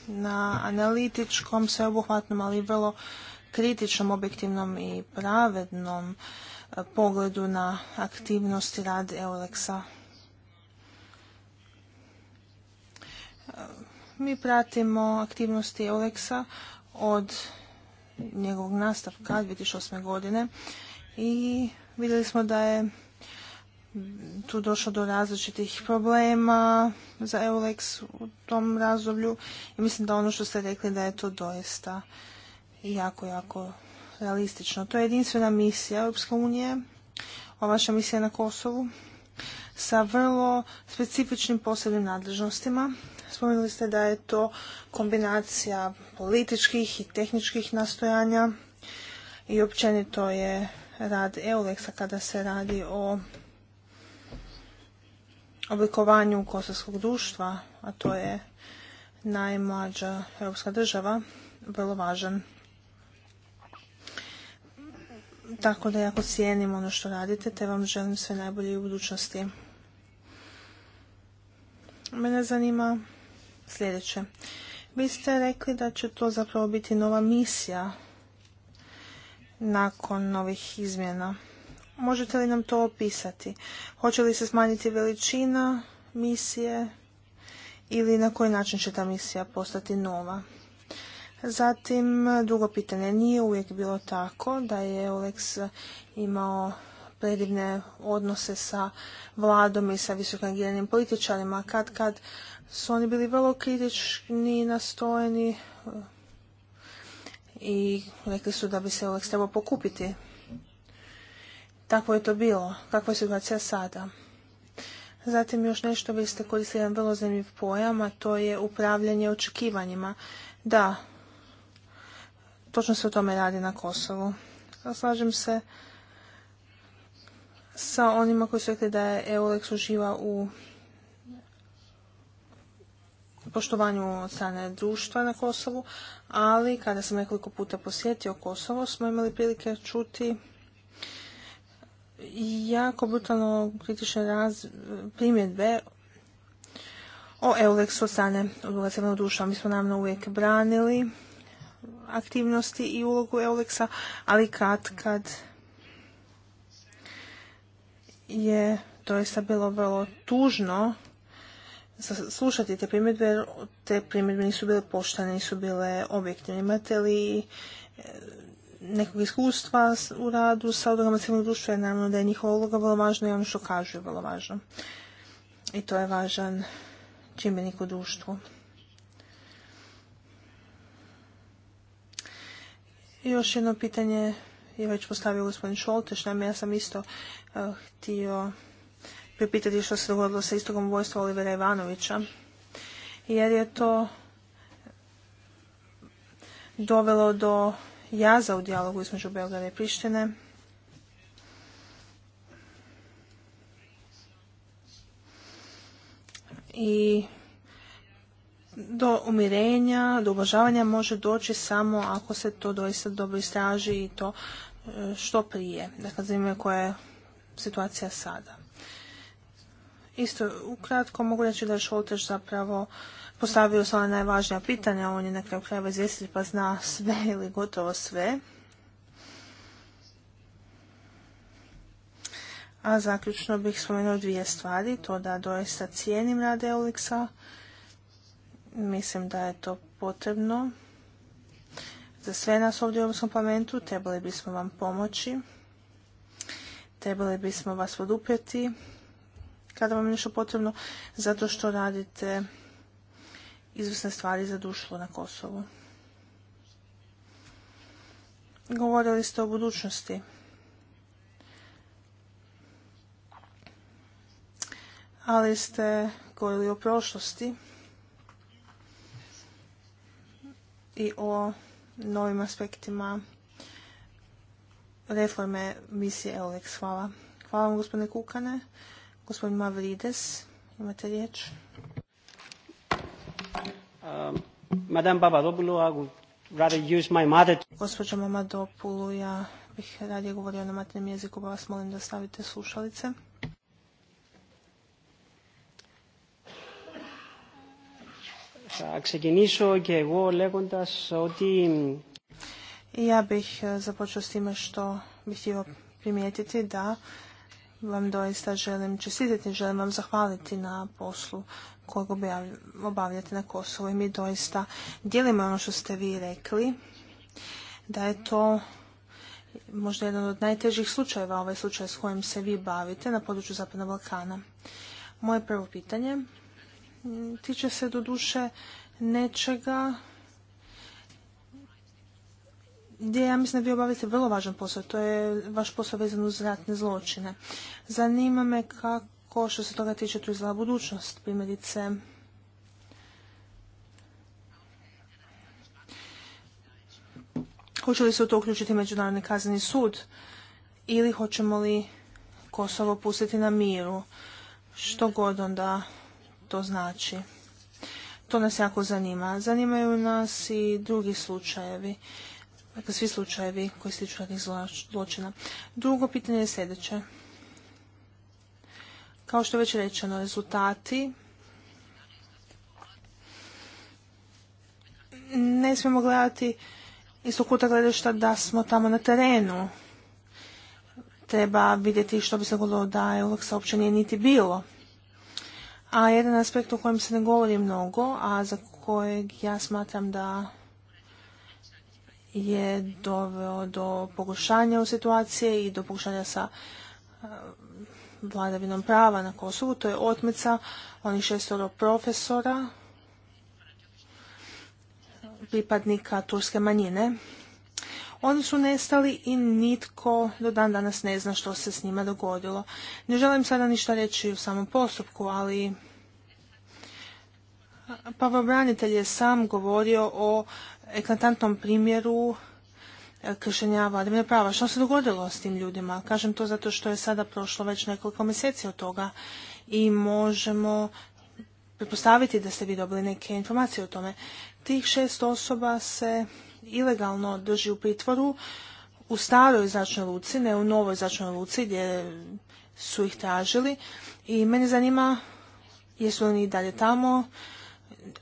na analitičkom, sveobuhvatnom, ali vrlo kritičnom, objektivnom i pravednom e, pogledu na aktivnosti rad Eulexa. E, mi pratimo aktivnosti Eulexa od njegovog nastavka 2008. godine i vidjeli smo da je tu došlo do različitih problema za Eulex u tom razdoblju i mislim da ono što ste rekli da je to doista jako, jako realistično. To je jedinstvena misija Europske unije, ova vaša misija na Kosovu, sa vrlo specifičnim posebnim nadležnostima. Spomenuli ste da je to kombinacija političkih i tehničkih nastojanja i općenito je rad Eulexa kada se radi o oblikovanju kosovskog društva, a to je najmlađa europska država, vrlo važan. Tako da jako cijenim ono što radite, te vam želim sve najbolje u budućnosti. Mene zanima sljedeće. Vi ste rekli da će to zapravo biti nova misija nakon novih izmjena Možete li nam to opisati? Hoće li se smanjiti veličina misije ili na koji način će ta misija postati nova? Zatim, drugo pitanje. Nije uvijek bilo tako da je Olex imao predivne odnose sa vladom i sa visokangiranim političarima. Kad, kad su oni bili vrlo kritični, nastojeni e, i rekli su da bi se Olex trebao pokupiti tako je to bilo. Kakva je situacija sada? Zatim još nešto, vi ste koristili jedan vrlo zanimljiv pojam, a to je upravljanje očekivanjima. Da, točno se o tome radi na Kosovu. Slažem se sa onima koji su rekli da je Eulex uživa u poštovanju od strane društva na Kosovu, ali kada sam nekoliko puta posjetio Kosovo, smo imali prilike čuti jako brutalno kritične primjedbe o Eulexu od strane udruga Crvenog Mi smo naravno uvijek branili aktivnosti i ulogu Eulexa, ali kad kad je doista bilo vrlo tužno slušati te primjedbe, te primjedbe nisu bile poštene, nisu bile objektivne. Imate li nekog iskustva u radu sa udrugama civilnog društva, jer naravno da je njihova uloga vrlo važna i ono što kažu je vrlo važno. I to je važan čimbenik u društvu. Još jedno pitanje je već postavio gospodin Šolteš, Naime, ja sam isto eh, htio pripitati što se dogodilo sa istogom vojstva Olivera Ivanovića, jer je to dovelo do jaza u dijalogu između Beograda i Prištine. I do umirenja, do uvažavanja može doći samo ako se to doista dobro istraži i to e, što prije. Dakle, zanimljivo koja je situacija sada. Isto, ukratko mogu reći da je Šoltež zapravo postavio sva najvažnija pitanja, on je na kraju krajeva izvjestitelj pa zna sve ili gotovo sve. A zaključno bih spomenuo dvije stvari, to da doista cijenim rad uliksa, mislim da je to potrebno. Za sve nas ovdje u Europskom parlamentu trebali bismo vam pomoći, trebali bismo vas poduprijeti kada vam je nešto potrebno, zato što radite izvrsne stvari za na Kosovu. Govorili ste o budućnosti. Ali ste govorili o prošlosti i o novim aspektima reforme misije EULEX. Hvala. Hvala vam gospodine Kukane. Gospodin Mavrides, imate riječ. Um, Madame rather ja bih radije govorio na maternim jeziku, pa vas molim da stavite slušalice. ξεκινήσω και εγώ λέγοντας ότι... Ja bih e, započeo s time što bih htio primijetiti da vam doista želim čestitati, želim vam zahvaliti na poslu kojeg obavljate na Kosovo i mi doista dijelimo ono što ste vi rekli, da je to možda jedan od najtežih slučajeva, ovaj slučaj s kojim se vi bavite na području Zapadnog Balkana. Moje prvo pitanje tiče se doduše nečega gdje ja mislim da vi obavite vrlo važan posao, to je vaš posao vezan uz ratne zločine. Zanima me kako Ko što se toga tiče tu izgleda budućnost, primjerice hoće li se u to uključiti Međunarodni kazneni sud ili hoćemo li Kosovo pustiti na miru, što god onda to znači. To nas jako zanima. Zanimaju nas i drugi slučajevi, dakle svi slučajevi koji se tiču ratnih zločina. Drugo pitanje je sljedeće. Kao što je već rečeno, rezultati ne smijemo gledati iz kuta gledišta da smo tamo na terenu. Treba vidjeti što bi se govorilo da uvijek uopće nije niti bilo. A jedan aspekt o kojem se ne govori mnogo, a za kojeg ja smatram da je doveo do pogošanja u situacije i do pogušanja sa vladavinom prava na Kosovu. To je otmica onih šestoro profesora, pripadnika turske manjine. Oni su nestali i nitko do dan danas ne zna što se s njima dogodilo. Ne želim sada ništa reći u samom postupku, ali pravobranitelj je sam govorio o eklatantnom primjeru kršenja vladavine prava. Što se dogodilo s tim ljudima? Kažem to zato što je sada prošlo već nekoliko mjeseci od toga i možemo pretpostaviti da ste vi dobili neke informacije o tome. Tih šest osoba se ilegalno drži u pritvoru u staroj zračnoj luci, ne u novoj zračnoj luci gdje su ih tražili i mene zanima jesu li oni dalje tamo,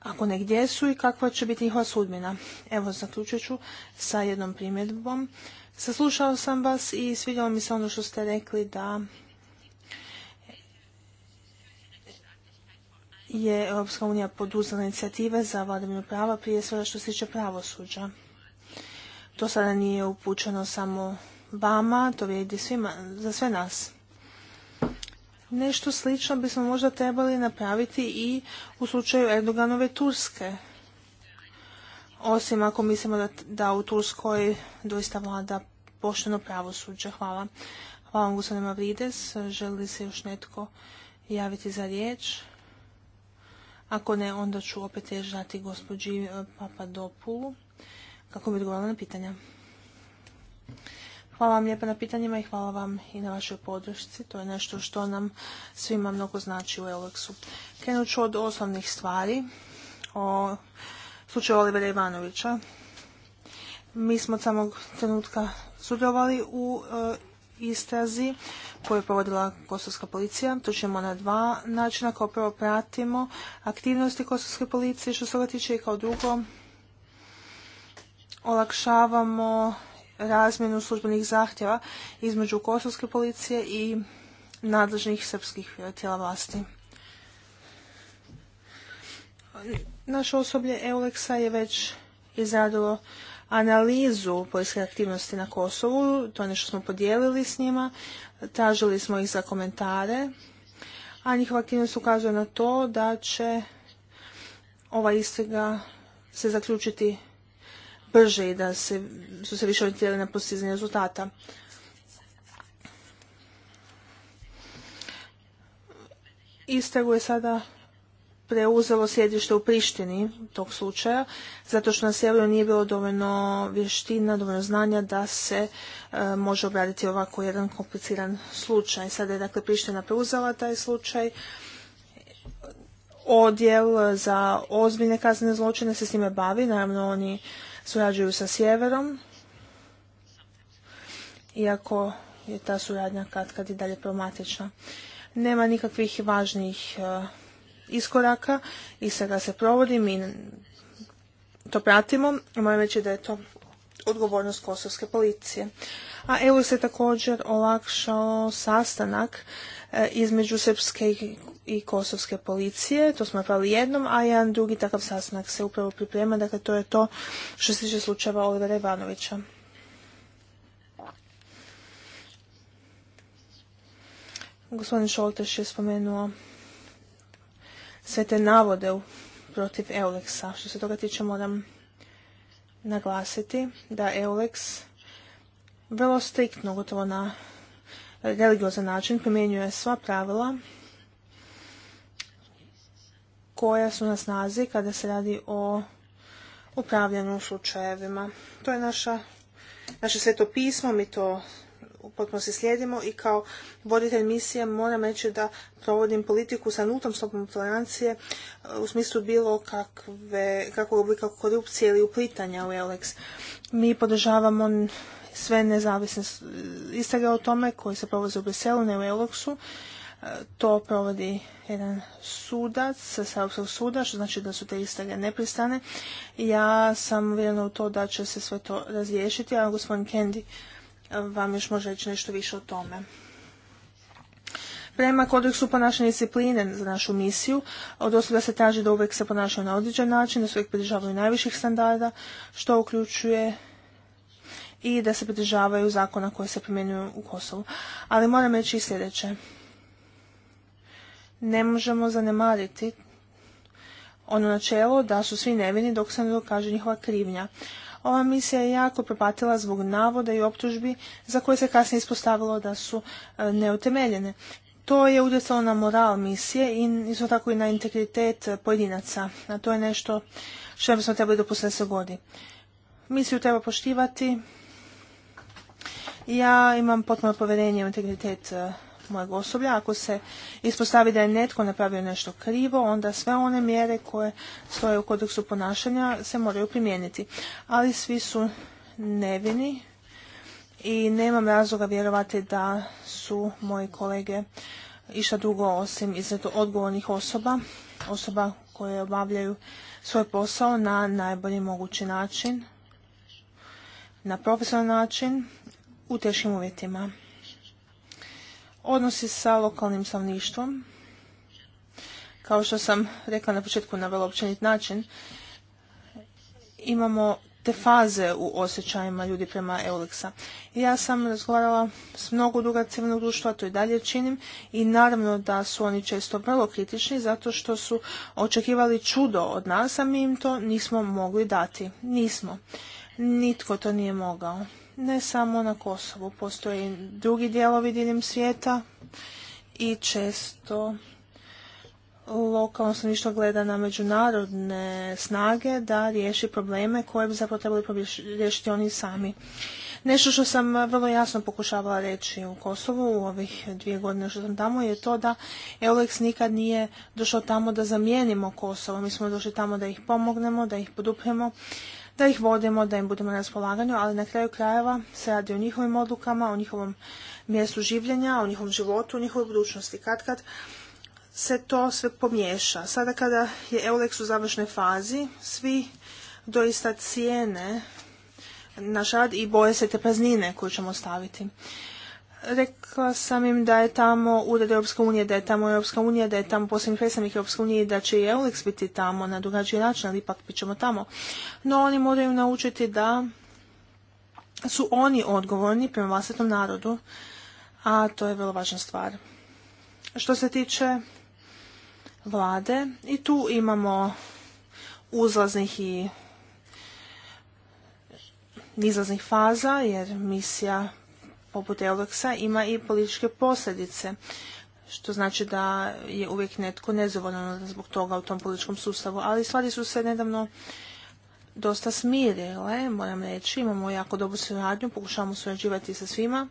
ako ne gdje su i kakva će biti njihova sudbina. Evo, zaključit ću sa jednom primjedbom. Saslušao sam vas i svidjelo mi se ono što ste rekli da je Europska unija poduzela inicijative za vladavinu prava, prije svega što se tiče pravosuđa. To sada nije upućeno samo vama, to vrijedi za sve nas. Nešto slično bismo možda trebali napraviti i u slučaju Erdoganove Turske. Osim ako mislimo da, u Turskoj doista vlada pošteno pravosuđe. Hvala. Hvala vam, gospodine Mavrides. Želi li se još netko javiti za riječ? Ako ne, onda ću opet riječ gospođi eh, Papadopulu kako bi odgovorila na pitanja. Hvala vam lijepa na pitanjima i hvala vam i na vašoj podršci. To je nešto što nam svima mnogo znači u eleksu. Krenut ću od osnovnih stvari o slučaju Olivera Ivanovića. Mi smo od samog trenutka sudjelovali u e, istrazi koju je provodila kosovska policija. To ćemo na dva načina. Kao prvo pratimo aktivnosti kosovske policije što se tiče i kao drugo olakšavamo razmjenu službenih zahtjeva između kosovske policije i nadležnih srpskih tijela vlasti. Naše osoblje Euleksa je već izradilo analizu poljske aktivnosti na Kosovu, to je nešto smo podijelili s njima, tražili smo ih za komentare, a njihova aktivnost ukazuje na to da će ova istraga se zaključiti brže i da se, su se više orijentirali na postizanje rezultata. Istragu je sada preuzelo sjedište u Prištini tog slučaja, zato što na sjeveru nije bilo dovoljno vještina, dovoljno znanja da se e, može obraditi ovako jedan kompliciran slučaj. Sada je dakle Priština preuzela taj slučaj. Odjel za ozbiljne kaznene zločine se s njime bavi, naravno oni surađuju sa sjeverom, iako je ta suradnja kad i dalje problematična. Nema nikakvih važnijih e, iskoraka i sada se provodi, mi to pratimo i moram reći da je to odgovornost kosovske policije. A EU se također olakšao sastanak E, između srpske i kosovske policije. To smo napravili jednom, a jedan drugi takav sasnak se upravo priprema. Dakle, to je to što se tiče slučajeva Olivera Ivanovića. Gospodin Šoltaš je spomenuo sve te navode protiv Euleksa. Što se toga tiče moram naglasiti da Eulex vrlo striktno, gotovo na religiozan način primjenjuje sva pravila koja su na snazi kada se radi o upravljanju slučajevima. To je naša, naše sveto pismo, mi to potpuno se slijedimo i kao voditelj misije moram reći da provodim politiku sa nultom stopom tolerancije e, u smislu bilo kakve, kakvog oblika korupcije ili uplitanja u Elex. Mi podržavamo sve nezavisne istrage o tome koji se provoze u Briselu, ne u eloksu, e, To provodi jedan sudac sa suda, što znači da su te istrage nepristane. Ja sam vjerena u to da će se sve to razriješiti, a gospodin Kendi vam još može reći nešto više o tome. Prema kodeksu ponašanja discipline za našu misiju, od osoba se traži da uvijek se ponašaju na određen način, da se uvijek pridržavaju najviših standarda, što uključuje i da se pridržavaju zakona koje se primjenjuju u Kosovu. Ali moram reći i sljedeće. Ne možemo zanemariti ono načelo da su svi nevini dok se ne dokaže njihova krivnja. Ova misija je jako propatila zbog navoda i optužbi za koje se kasnije ispostavilo da su e, neutemeljene. To je utjecalo na moral misije i isto tako i na integritet pojedinaca. A to je nešto što bismo trebali dopustiti da se godi. Misiju treba poštivati, ja imam potpuno povjerenje u integritet e, mojeg osoblja. Ako se ispostavi da je netko napravio nešto krivo, onda sve one mjere koje stoje u kodeksu ponašanja se moraju primijeniti. Ali svi su nevini i nemam razloga vjerovati da su moji kolege išta dugo osim izuzetno odgovornih osoba, osoba koje obavljaju svoj posao na najbolji mogući način, na profesionalan način u teškim uvjetima. Odnosi sa lokalnim stanovništvom, kao što sam rekla na početku na vrlo općenit način, imamo te faze u osjećajima ljudi prema euleksa Ja sam razgovarala s mnogo druga civilnog društva, to i dalje činim i naravno da su oni često vrlo kritični zato što su očekivali čudo od nas, a mi im to nismo mogli dati. Nismo. Nitko to nije mogao ne samo na Kosovu. Postoje i drugi dijelovi diljem svijeta i često lokalno ništa gleda na međunarodne snage da riješi probleme koje bi zapravo trebali riješiti oni sami. Nešto što sam vrlo jasno pokušavala reći u Kosovu u ovih dvije godine što sam tamo je to da Eulex nikad nije došao tamo da zamijenimo Kosovo. Mi smo došli tamo da ih pomognemo, da ih podupremo, da ih vodimo, da im budemo na raspolaganju, ali na kraju krajeva se radi o njihovim odlukama, o njihovom mjestu življenja, o njihovom životu, o njihovoj budućnosti. Kad kad se to sve pomiješa. Sada kada je Eulex u završnoj fazi, svi doista cijene naš rad i boje se te praznine koju ćemo staviti. Rekla sam im da je tamo ured Europske unije, da je tamo Europska unija, da je tamo posljednji predstavnik Europske unije i da će i Eulex biti tamo na drugačiji način, ali ipak bit ćemo tamo. No oni moraju naučiti da su oni odgovorni prema vlastitom narodu, a to je vrlo važna stvar. Što se tiče vlade, i tu imamo uzlaznih i izlaznih faza, jer misija poput Eldoksa ima i političke posljedice, što znači da je uvijek netko nezavoljan zbog toga u tom političkom sustavu. Ali stvari su se nedavno dosta smirile, moram reći. Imamo jako dobru suradnju, pokušavamo surađivati sa svima,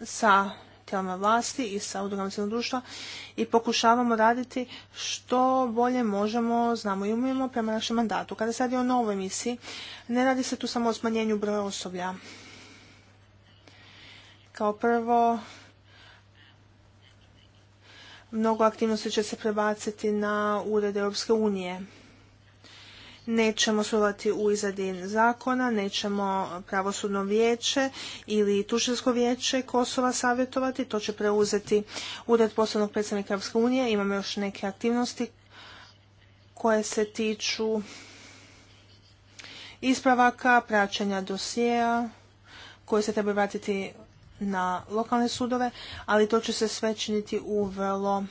sa tijelima vlasti i sa udrugama civilnog društva i pokušavamo raditi što bolje možemo, znamo i umijemo prema našem mandatu. Kada se radi o novoj misiji, ne radi se tu samo o smanjenju broja osoblja. Kao prvo, mnogo aktivnosti će se prebaciti na ured Europske unije. Nećemo sudjelovati u izradi zakona, nećemo pravosudno vijeće ili tušinsko vijeće Kosova savjetovati, to će preuzeti ured poslovnog predstavnika Europske unije. Imamo još neke aktivnosti koje se tiču ispravaka, praćenja dosijeja koje se treba vratiti na lokalne sudove, ali to će se sve činiti u vrlo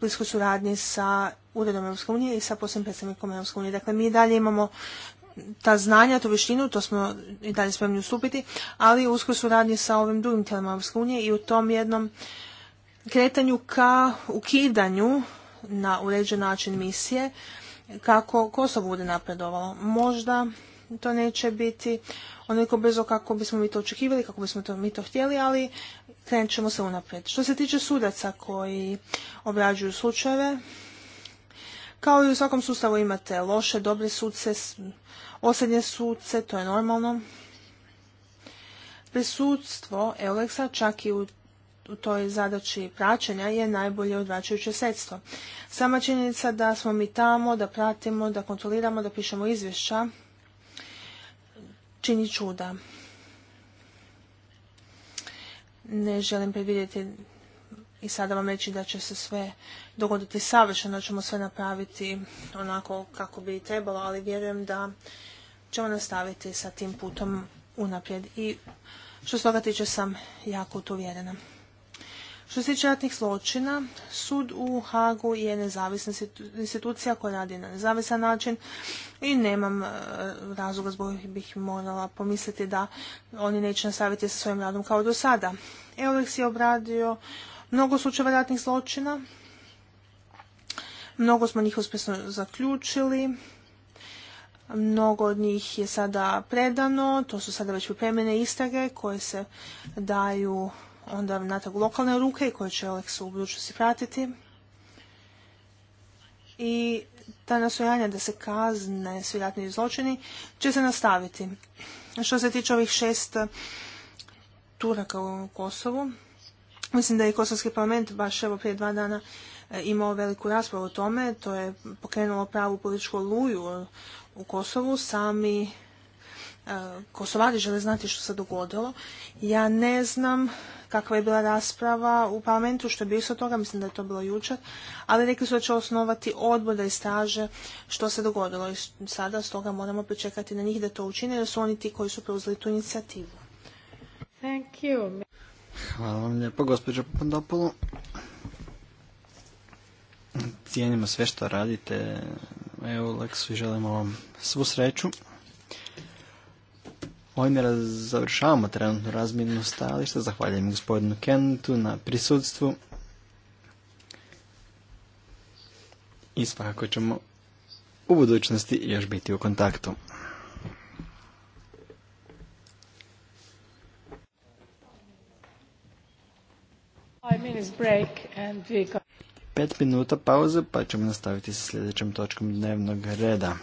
bliskoj suradnji sa Uredom Europske unije i sa posljednim predstavnikom Europske unije. Dakle, mi i dalje imamo ta znanja, tu vještinu, to smo i dalje spremni ustupiti, ali u uskoj suradnji sa ovim drugim tijelima Europske unije i u tom jednom kretanju ka ukidanju na uređen način misije kako Kosovo bude napredovalo. Možda to neće biti onoliko brzo kako bismo mi to očekivali, kako bismo to, mi to htjeli, ali krenut ćemo se unaprijed. Što se tiče sudaca koji obrađuju slučajeve, kao i u svakom sustavu imate loše, dobre sudce, osrednje sudce, to je normalno. Prisudstvo Eulexa čak i u toj zadaći praćenja je najbolje odvraćajuće sredstvo. Sama činjenica da smo mi tamo, da pratimo, da kontroliramo, da pišemo izvješća čini čuda. Ne želim predvidjeti i sada vam reći da će se sve dogoditi savršeno, da ćemo sve napraviti onako kako bi trebalo, ali vjerujem da ćemo nastaviti sa tim putom unaprijed i što se toga tiče sam jako tu uvjerena. Što se tiče ratnih zločina, sud u Hagu je nezavisna institucija koja radi na nezavisan način i nemam e, razloga zbog bih morala pomisliti da oni neće nastaviti sa svojim radom kao do sada. Eurex je obradio mnogo slučajeva ratnih zločina, mnogo smo njih uspješno zaključili, Mnogo od njih je sada predano, to su sada već pripremljene istrage koje se daju onda na u lokalne ruke i koje će Alex u budućnosti pratiti. I ta nastojanja da se kazne svi ratni zločini će se nastaviti. Što se tiče ovih šest eh, Turaka u Kosovu, mislim da je Kosovski parlament baš evo prije dva dana eh, imao veliku raspravu o tome. To je pokrenulo pravu političku luju u Kosovu. Sami eh, Kosovari žele znati što se dogodilo. Ja ne znam kakva je bila rasprava u parlamentu, što je bilo isto toga, mislim da je to bilo jučer, ali rekli su da će osnovati odbor da istraže što se dogodilo i sada toga moramo pričekati na njih da to učine jer su oni ti koji su preuzeli tu inicijativu. Hvala vam lijepo, gospođo Cijenimo sve što radite, Eulexu i želimo vam svu sreću. Ovime završavamo trenutno razmjenu stajališta. Zahvaljujem gospodinu Kentu na prisutstvu. I svakako ćemo u budućnosti još biti u kontaktu. Pet minuta pauze pa ćemo nastaviti sa sljedećim točkom dnevnog reda.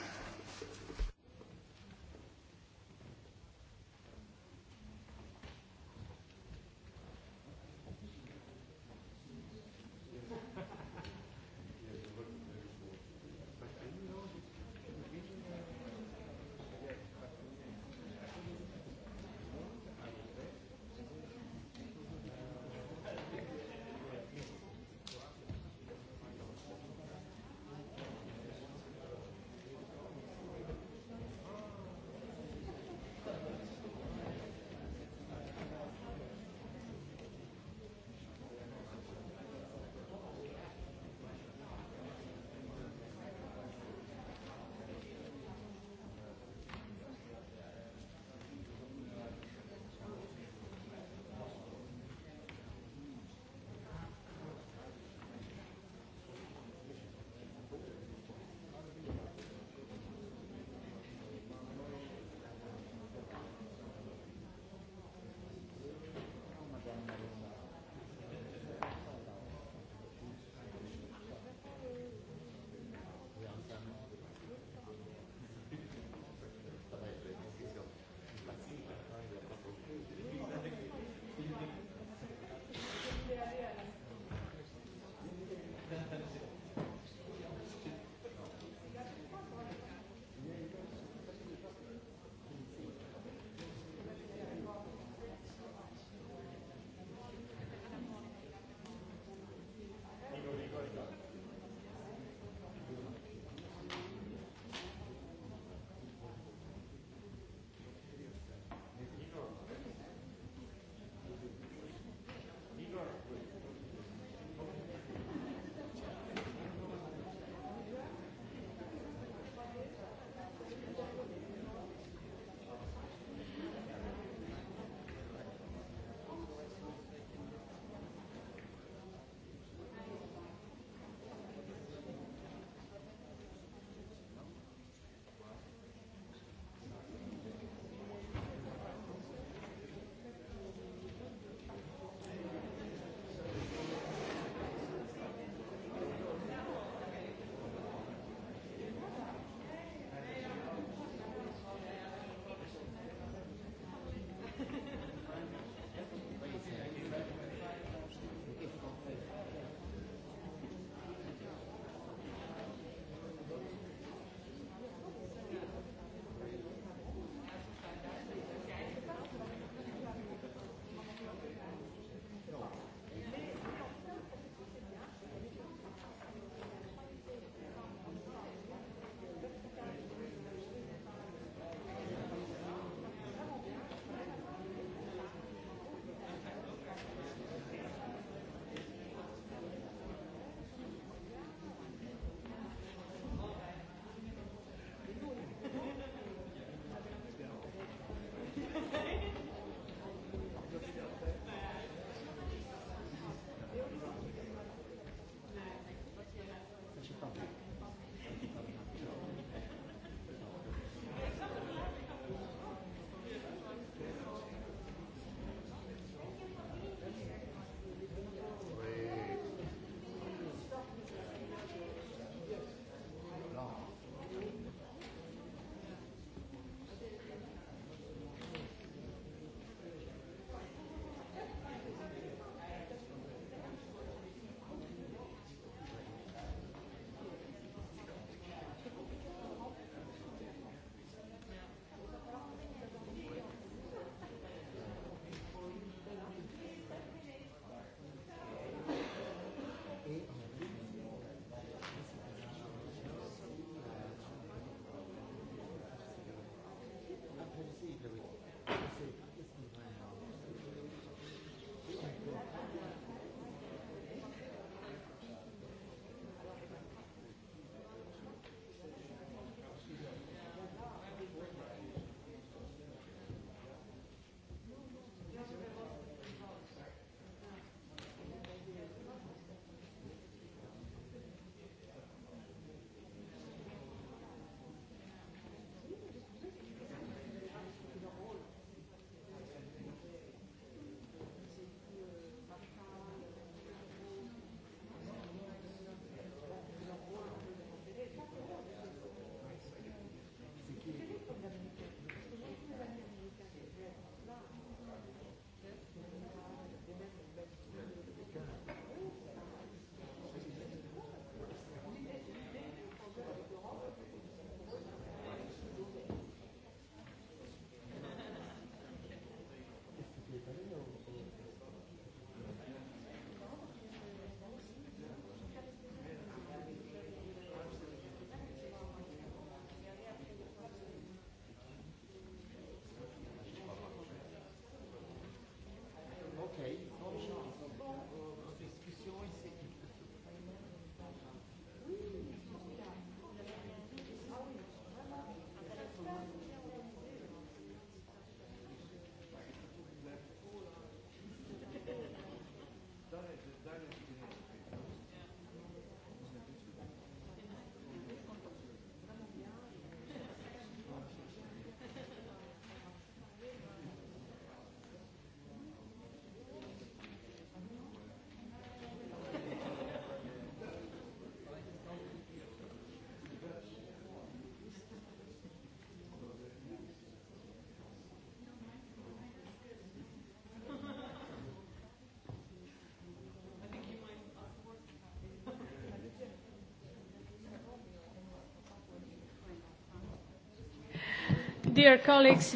Dear colleagues,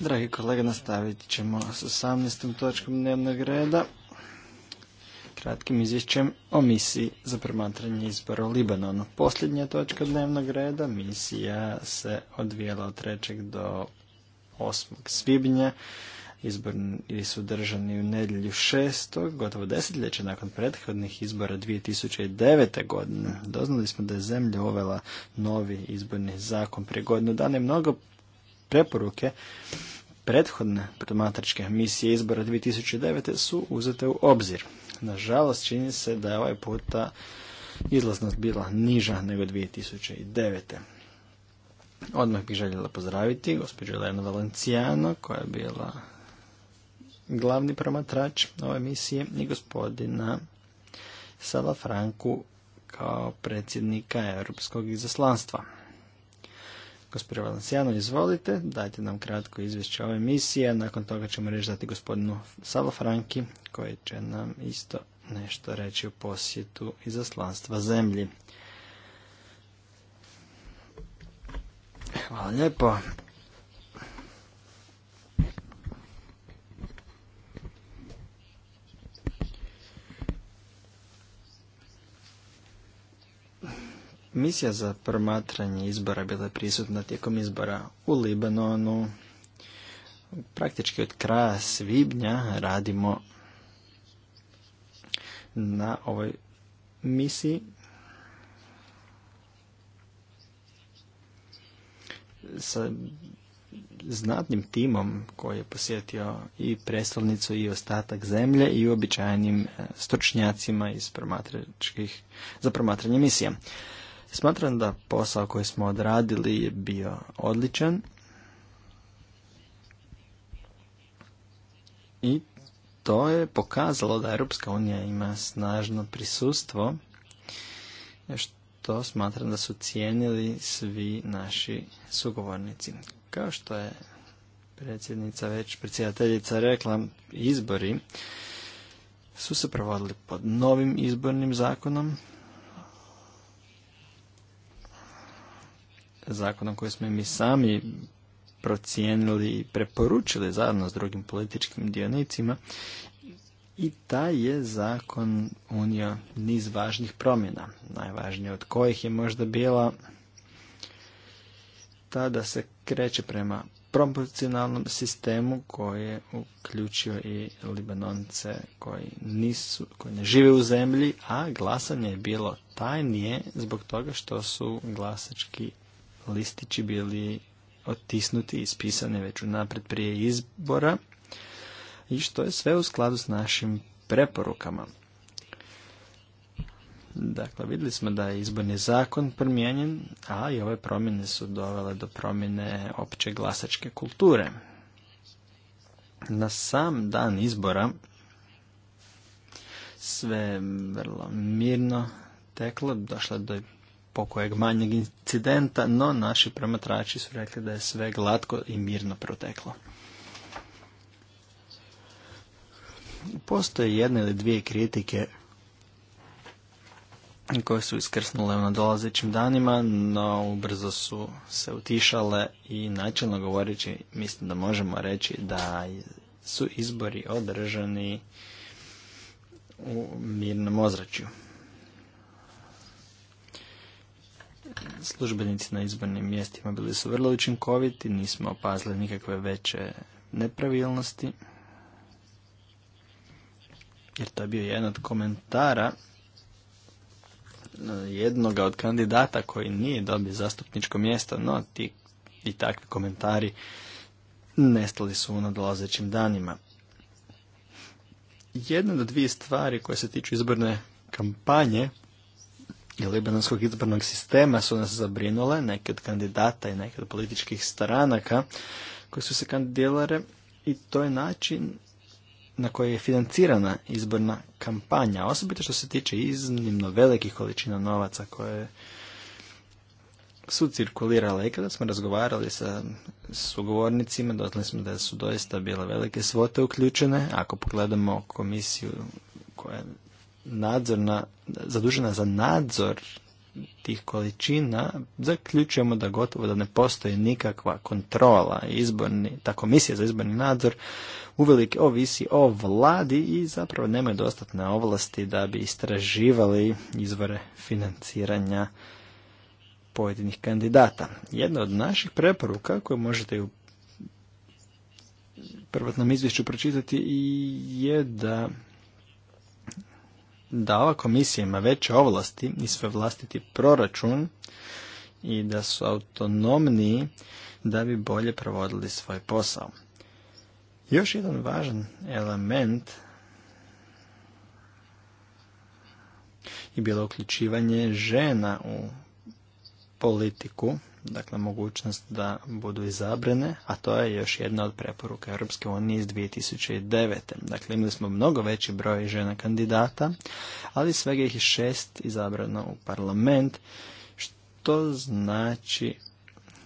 Dragi kolege, nastavit ćemo s 18. točkom dnevnog reda, kratkim izvješćem o misiji za promatranje izbora u Libanonu. Posljednja točka dnevnog reda, misija se odvijela od 3. do 8. svibnja Izbori su držani u nedjelju šest gotovo desetljeće nakon prethodnih izbora 2009. godine. Doznali smo da je zemlja uvela novi izborni zakon prije godinu dana i mnogo preporuke prethodne promatračke misije izbora 2009. su uzete u obzir. Nažalost, čini se da je ovaj puta izlaznost bila niža nego 2009. Odmah bih željela pozdraviti gospođu Elenu Valencijano koja je bila glavni promatrač ove misije i gospodina sava Franku kao predsjednika Europskog izaslanstva. Gospodin Valencijano, izvolite, dajte nam kratko izvješće ove misije, nakon toga ćemo reći dati gospodinu Salafranki, koji će nam isto nešto reći o posjetu izaslanstva zemlji. Hvala lijepo. Misija za promatranje izbora bila je prisutna tijekom izbora u Libanonu. Praktički od kraja svibnja radimo na ovoj misiji. Sa znatnim timom koji je posjetio i predstavnicu i ostatak zemlje i uobičajenim e, stručnjacima iz promatračkih, za promatranje misija. Smatram da posao koji smo odradili je bio odličan i to je pokazalo da Europska unija ima snažno prisustvo, što smatram da su cijenili svi naši sugovornici. Kao što je predsjednica već predsjedateljica rekla, izbori su se provodili pod novim izbornim zakonom, zakonom koji smo mi sami procijenili i preporučili zajedno s drugim političkim dionicima i taj je zakon unio niz važnih promjena, najvažnije od kojih je možda bila ta da se kreće prema proporcionalnom sistemu koji je uključio i Libanonce koji nisu, koji ne žive u zemlji, a glasanje je bilo tajnije zbog toga što su glasački listići bili otisnuti i ispisani već unaprijed prije izbora i što je sve u skladu s našim preporukama. Dakle, vidjeli smo da je izborni zakon promijenjen, a i ove promjene su dovele do promjene opće glasačke kulture. Na sam dan izbora sve vrlo mirno teklo, došlo do pokojeg manjeg incidenta, no naši promatrači su rekli da je sve glatko i mirno proteklo. Postoje jedne ili dvije kritike koje su iskrsnule na dolazećim danima, no ubrzo su se utišale i načelno govoreći mislim da možemo reći da su izbori održani u mirnom ozračju. službenici na izbornim mjestima bili su vrlo učinkoviti, nismo opazili nikakve veće nepravilnosti. Jer to je bio jedan od komentara e, jednoga od kandidata koji nije dobio zastupničko mjesto, no ti i takvi komentari nestali su u nadolazećim danima. Jedna do dvije stvari koje se tiču izborne kampanje libanonskog izbornog sistema su nas zabrinule, neke od kandidata i neke od političkih stranaka koji su se kandidirale i to je način na koji je financirana izborna kampanja, osobito što se tiče iznimno velikih količina novaca koje su cirkulirale i kada smo razgovarali sa sugovornicima, doznali smo da su doista bile velike svote uključene. Ako pogledamo komisiju koja nadzorna, zadužena za nadzor tih količina, zaključujemo da gotovo da ne postoji nikakva kontrola izborni, ta komisija za izborni nadzor uvelike ovisi o vladi i zapravo nemaju dostatne ovlasti da bi istraživali izvore financiranja pojedinih kandidata. Jedna od naših preporuka koju možete u prvotnom izvješću pročitati je da da komisijama veće ovlasti i sve vlastiti proračun i da su autonomniji da bi bolje provodili svoj posao. Još jedan važan element je bilo uključivanje žena u politiku dakle mogućnost da budu izabrane, a to je još jedna od preporuka Europske unije iz 2009. Dakle, imali smo mnogo veći broj žena kandidata, ali svega ih je šest izabrano u parlament, što znači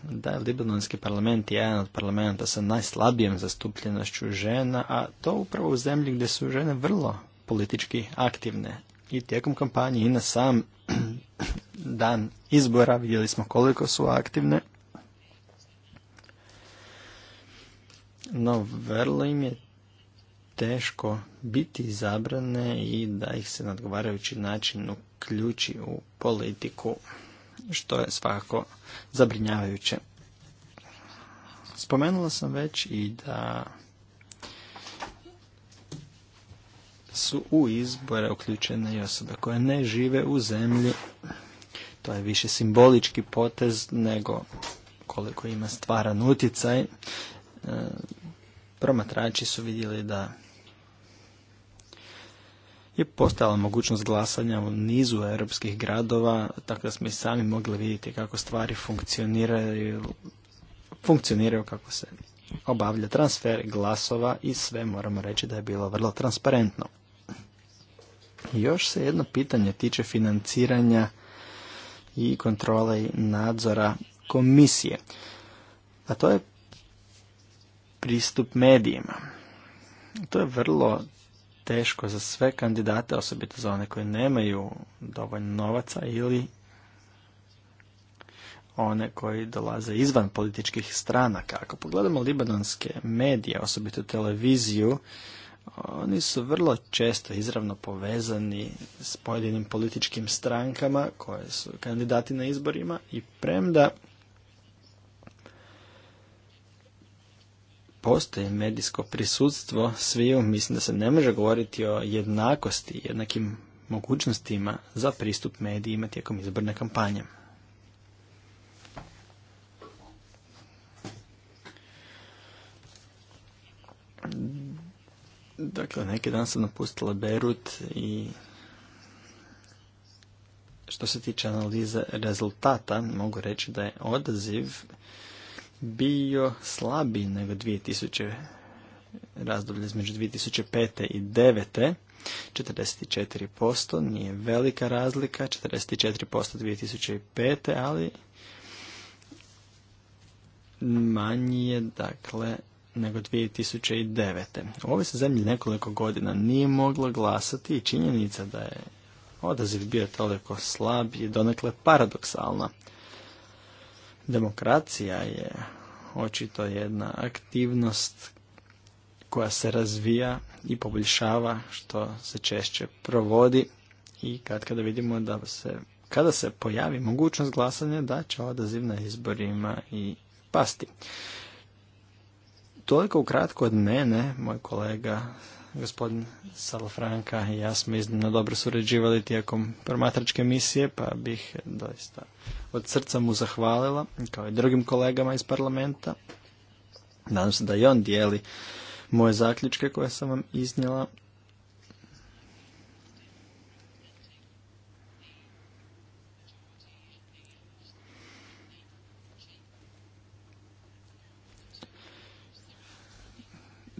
da je Libanonski parlament jedan od parlamenta sa najslabijom zastupljenošću žena, a to upravo u zemlji gdje su žene vrlo politički aktivne i tijekom kampanje i na sam dan izbora, vidjeli smo koliko su aktivne. No, vrlo im je teško biti izabrane i da ih se na odgovarajući način uključi u politiku, što je svakako zabrinjavajuće. Spomenula sam već i da su u izbore uključene i osobe koje ne žive u zemlji. To je više simbolički potez nego koliko ima stvaran utjecaj. E, promatrači su vidjeli da je postala mogućnost glasanja u nizu europskih gradova, tako da smo i sami mogli vidjeti kako stvari funkcioniraju, funkcioniraju kako se obavlja transfer glasova i sve moramo reći da je bilo vrlo transparentno. Još se jedno pitanje tiče financiranja i kontrole i nadzora komisije. A to je pristup medijima. To je vrlo teško za sve kandidate, osobito za one koji nemaju dovoljno novaca ili one koji dolaze izvan političkih stranaka. Ako pogledamo libanonske medije, osobito televiziju, oni su vrlo često izravno povezani s pojedinim političkim strankama koje su kandidati na izborima i premda postoje medijsko prisutstvo sviju, mislim da se ne može govoriti o jednakosti, jednakim mogućnostima za pristup medijima tijekom izborne kampanje. neki dan sam napustila Beirut i što se tiče analize rezultata mogu reći da je odaziv bio slabiji nego 2000 razdoblje između 2005. i 2009. 44% nije velika razlika, 44% 2005. ali manji je dakle nego 2009. U ovoj se zemlji nekoliko godina nije moglo glasati i činjenica da je odaziv bio toliko slab i donekle paradoksalna. Demokracija je očito jedna aktivnost koja se razvija i poboljšava što se češće provodi i kad kada vidimo da se kada se pojavi mogućnost glasanja da će odaziv na izborima i pasti. Toliko ukratko od mene, moj kolega gospodin Salafranka i ja smo iznimno dobro surađivali tijekom promatračke misije, pa bih doista od srca mu zahvalila, kao i drugim kolegama iz parlamenta. Nadam se da i on dijeli moje zaključke koje sam vam iznijela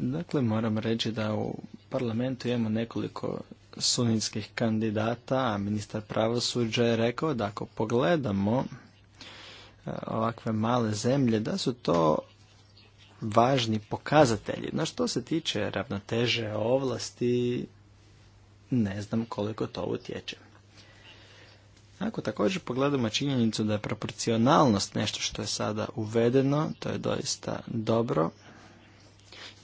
Dakle, moram reći da u parlamentu imamo nekoliko sunitskih kandidata, a ministar pravosuđa je rekao da ako pogledamo e, ovakve male zemlje, da su to važni pokazatelji. Na što se tiče ravnoteže ovlasti, ne znam koliko to utječe. Ako također pogledamo činjenicu da je proporcionalnost nešto što je sada uvedeno, to je doista dobro.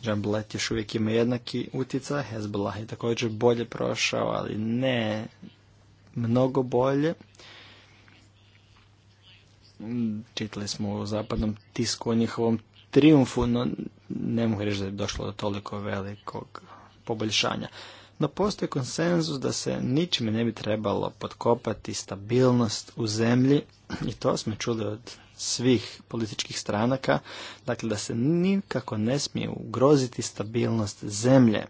Džambulet još uvijek ima jednaki utjecaj, Hezbollah je također bolje prošao, ali ne mnogo bolje. Čitali smo u zapadnom tisku o njihovom triumfu, no ne mogu reći da je došlo do toliko velikog poboljšanja. No postoji konsenzus da se ničime ne bi trebalo potkopati stabilnost u zemlji i to smo čuli od svih političkih stranaka, dakle da se nikako ne smije ugroziti stabilnost zemlje.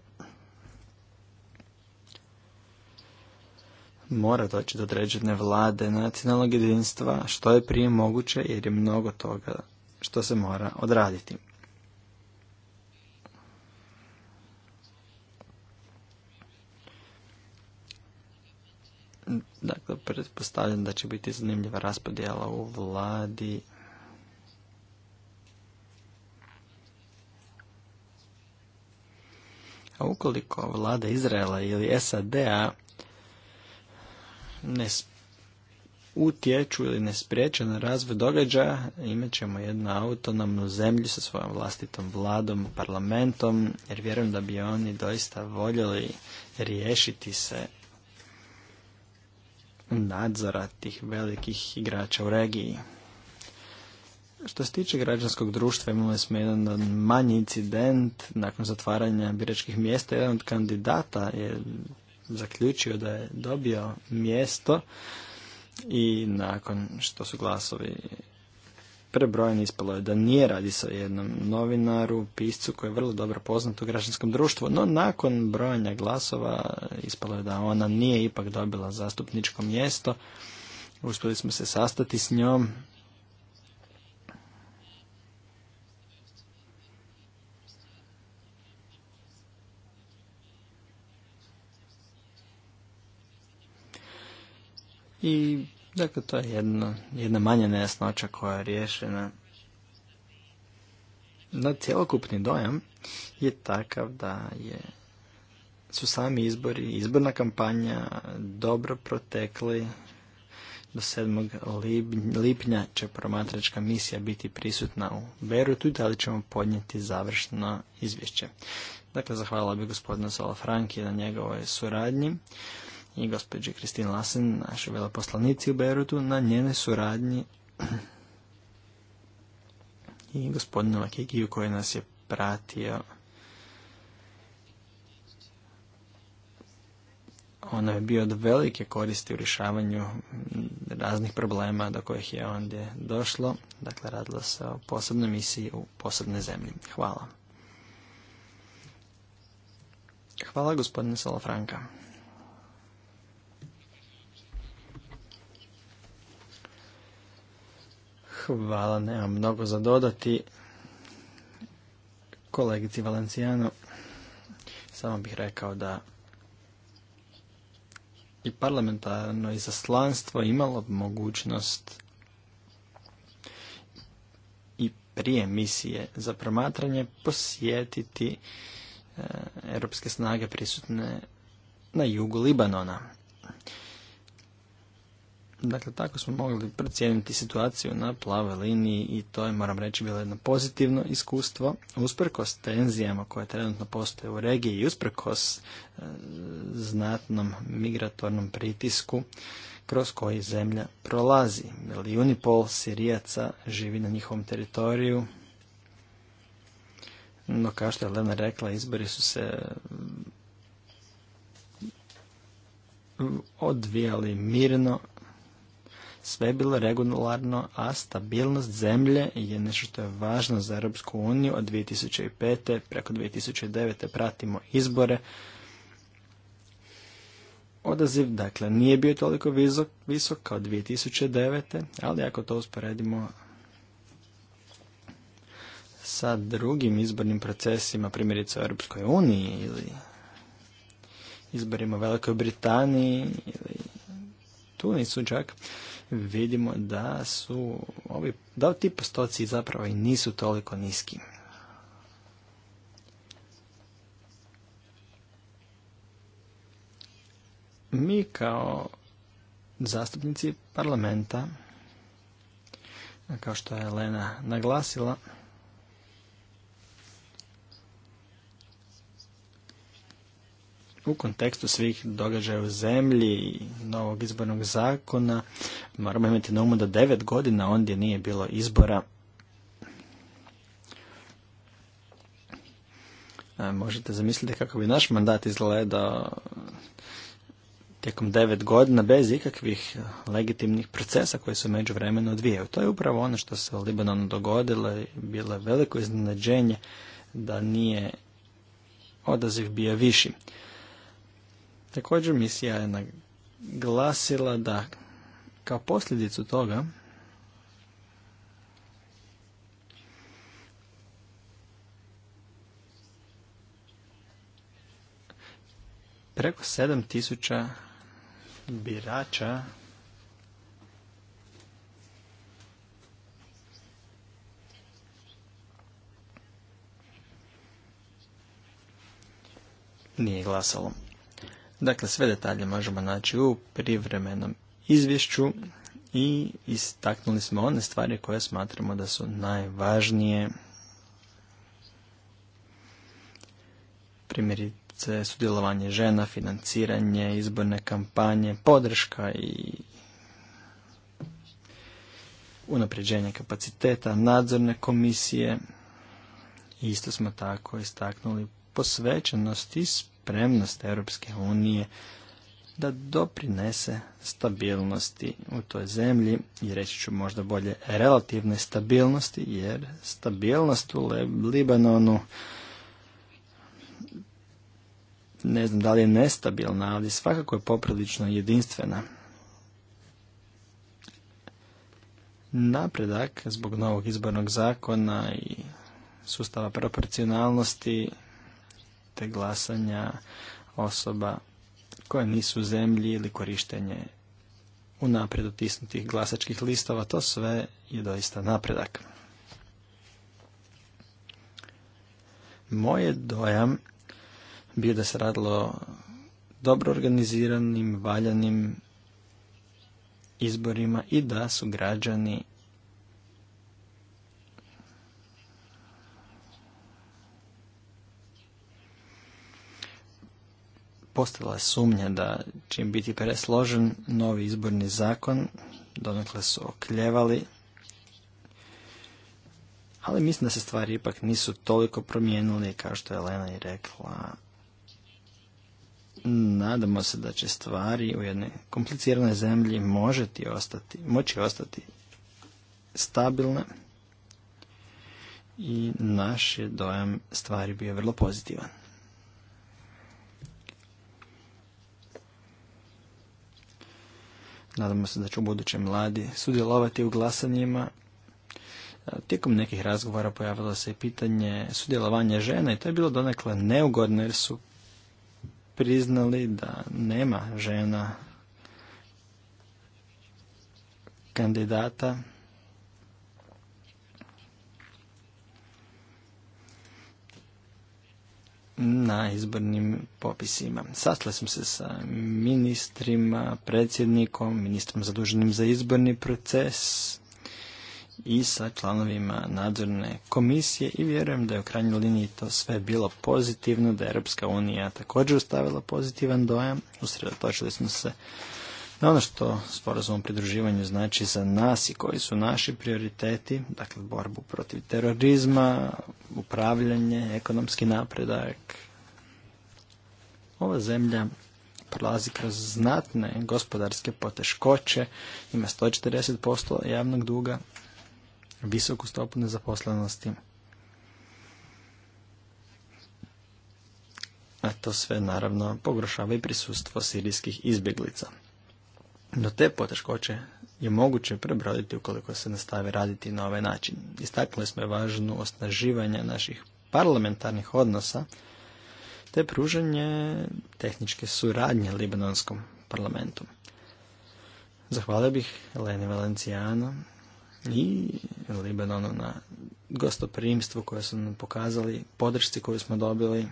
Mora doći do određene vlade, nacionalnog jedinstva, što je prije moguće jer je mnogo toga što se mora odraditi. Dakle, pretpostavljam da će biti zanimljiva raspodjela u vladi. A ukoliko vlada Izraela ili SAD-a ne utječu ili ne spriječe na razvoj događaja, imat ćemo jednu autonomnu zemlju sa svojom vlastitom vladom, parlamentom, jer vjerujem da bi oni doista voljeli riješiti se nadzora tih velikih igrača u regiji. Što se tiče građanskog društva, imali smo jedan manji incident nakon zatvaranja biračkih mjesta. Jedan od kandidata je zaključio da je dobio mjesto i nakon što su glasovi prebrojen ispalo je da nije radi sa jednom novinaru, piscu koji je vrlo dobro poznat u građanskom društvu, no nakon brojanja glasova ispalo je da ona nije ipak dobila zastupničko mjesto. Uspjeli smo se sastati s njom. I Dakle, to je jedna manja nejasnoća koja je riješena. na cjelokupni dojam je takav da je su sami izbori, izborna kampanja dobro protekli. Do 7. lipnja će promatračka misija biti prisutna u Berutu i da li ćemo podnijeti završno izvješće. Dakle, zahvala bi gospodina Franki na njegovoj suradnji i gospođi Kristin Lassen, našoj veleposlanici u Berutu, na njene suradnji i gospodinu Makegiju koji nas je pratio. Ono je bio od velike koristi u rješavanju raznih problema do kojih je ondje došlo. Dakle, radilo se o posebnoj misiji u posebnoj zemlji. Hvala. Hvala gospodine Salafranka. Hvala, nemam mnogo za dodati. Kolegici Valencijano, samo bih rekao da i parlamentarno izaslanstvo imalo mogućnost i prije misije za promatranje posjetiti e, europske snage prisutne na jugu Libanona. Dakle, tako smo mogli procijeniti situaciju na plavoj liniji i to je, moram reći, bilo jedno pozitivno iskustvo. Usprkos tenzijama koje trenutno postoje u regiji i usprkos e, znatnom migratornom pritisku kroz koji zemlja prolazi. Milijuni pol Sirijaca živi na njihovom teritoriju. No, kao što je Lena rekla, izbori su se mm, odvijali mirno, sve je bilo regularno, a stabilnost zemlje je nešto što je važno za Europsku uniju od 2005. preko 2009. pratimo izbore. Odaziv, dakle, nije bio toliko visok, visok kao 2009. ali ako to usporedimo sa drugim izbornim procesima, primjerice u Europskoj uniji ili izborima u Velikoj Britaniji ili tu nisu čak, vidimo da su ovi, da ti postoci zapravo i nisu toliko niski. Mi kao zastupnici parlamenta, kao što je Elena naglasila, u kontekstu svih događaja u zemlji i novog izbornog zakona. Moramo imati na umu da devet godina ondje nije bilo izbora. E, možete zamisliti kako bi naš mandat izgledao tijekom devet godina bez ikakvih legitimnih procesa koji se među vremenu odvijaju. To je upravo ono što se u Libanonu dogodilo i bilo je veliko iznenađenje da nije odaziv bio viši. Također misija je naglasila da kao posljedicu toga preko 7000 birača nije glasalo. Dakle, sve detalje možemo naći u privremenom izvješću i istaknuli smo one stvari koje smatramo da su najvažnije. Primjerice, sudjelovanje žena, financiranje, izborne kampanje, podrška i unapređenje kapaciteta, nadzorne komisije. Isto smo tako istaknuli posvećenost i spremnost Europske unije da doprinese stabilnosti u toj zemlji i reći ću možda bolje relativne stabilnosti jer stabilnost u Libanonu ne znam da li je nestabilna, ali svakako je poprilično jedinstvena. Napredak zbog novog izbornog zakona i sustava proporcionalnosti te glasanja osoba koje nisu u zemlji ili korištenje unaprijed otisnutih glasačkih listova, to sve je doista napredak. Moje je dojam bio da se radilo dobro organiziranim, valjanim izborima i da su građani postala sumnja da će im biti presložen novi izborni zakon, donekle su okljevali, ali mislim da se stvari ipak nisu toliko promijenili kao što je Elena i rekla. Nadamo se da će stvari u jednoj kompliciranoj zemlji možeti ostati, moći ostati stabilne i naš je dojam stvari bio vrlo pozitivan. Nadamo se da će u budućem mladi sudjelovati u glasanjima. E, tijekom nekih razgovora pojavilo se i pitanje sudjelovanja žena i to je bilo donekle neugodno jer su priznali da nema žena kandidata na izbornim popisima. Sastali smo se sa ministrima, predsjednikom, ministrom zaduženim za izborni proces i sa članovima nadzorne komisije i vjerujem da je u krajnjoj liniji to sve bilo pozitivno, da je Europska unija također ostavila pozitivan dojam. Usredotočili smo se no ono što sporazum o pridruživanju znači za nas i koji su naši prioriteti, dakle borbu protiv terorizma, upravljanje, ekonomski napredak, ova zemlja prolazi kroz znatne gospodarske poteškoće, ima 140% javnog duga, visoku stopu nezaposlenosti. A to sve naravno pogoršava i prisustvo sirijskih izbjeglica. No te poteškoće je moguće prebroditi ukoliko se nastave raditi na ovaj način. Istaknuli smo je važnu osnaživanje naših parlamentarnih odnosa te pružanje tehničke suradnje Libanonskom parlamentu. Zahvalio bih Eleni Valencijano i Libanonu na gostoprimstvu koje su nam pokazali, podršci koju smo dobili,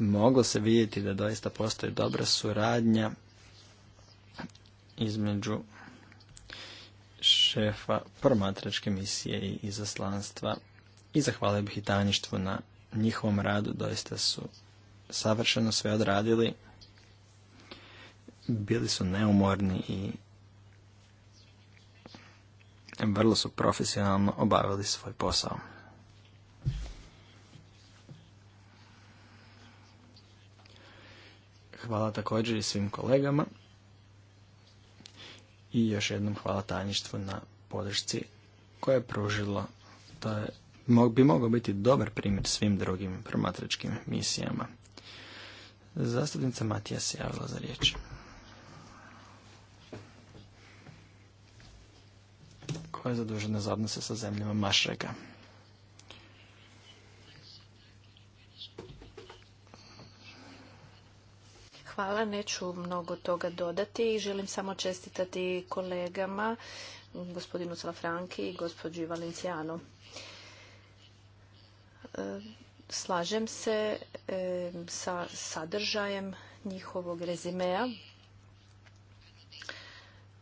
moglo se vidjeti da doista postoji dobra suradnja između šefa promatračke misije i izaslanstva i zahvalio bih i tajništvu na njihovom radu, doista su savršeno sve odradili, bili su neumorni i vrlo su profesionalno obavili svoj posao. Hvala također i svim kolegama. I još jednom hvala tajništvu na podršci koje je pružilo. To je, bi mogao biti dobar primjer svim drugim promatračkim misijama. Zastupnica Matija se javila za riječ. Koja je zadužena za odnose sa zemljama Mašrega. Hvala, neću mnogo toga dodati i želim samo čestitati kolegama, gospodinu Salafranki i gospođu Valencijanu. E, slažem se e, sa sadržajem njihovog rezimea.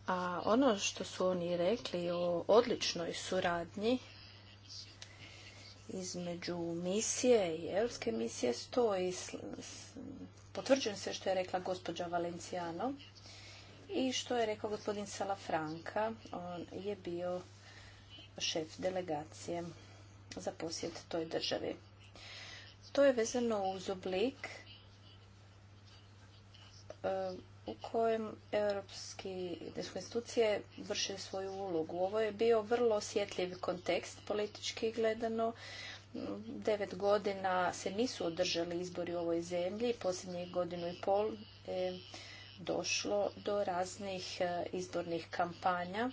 A ono što su oni rekli o odličnoj suradnji između misije i europske misije stoji potvrđujem sve što je rekla gospođa Valenciano i što je rekao gospodin Salafranka. On je bio šef delegacije za posjet toj državi. To je vezano uz oblik e, u kojem europske institucije vrše svoju ulogu. Ovo je bio vrlo osjetljiv kontekst politički gledano devet godina se nisu održali izbori u ovoj zemlji. Posljednjih godinu i pol je došlo do raznih e, izbornih kampanja,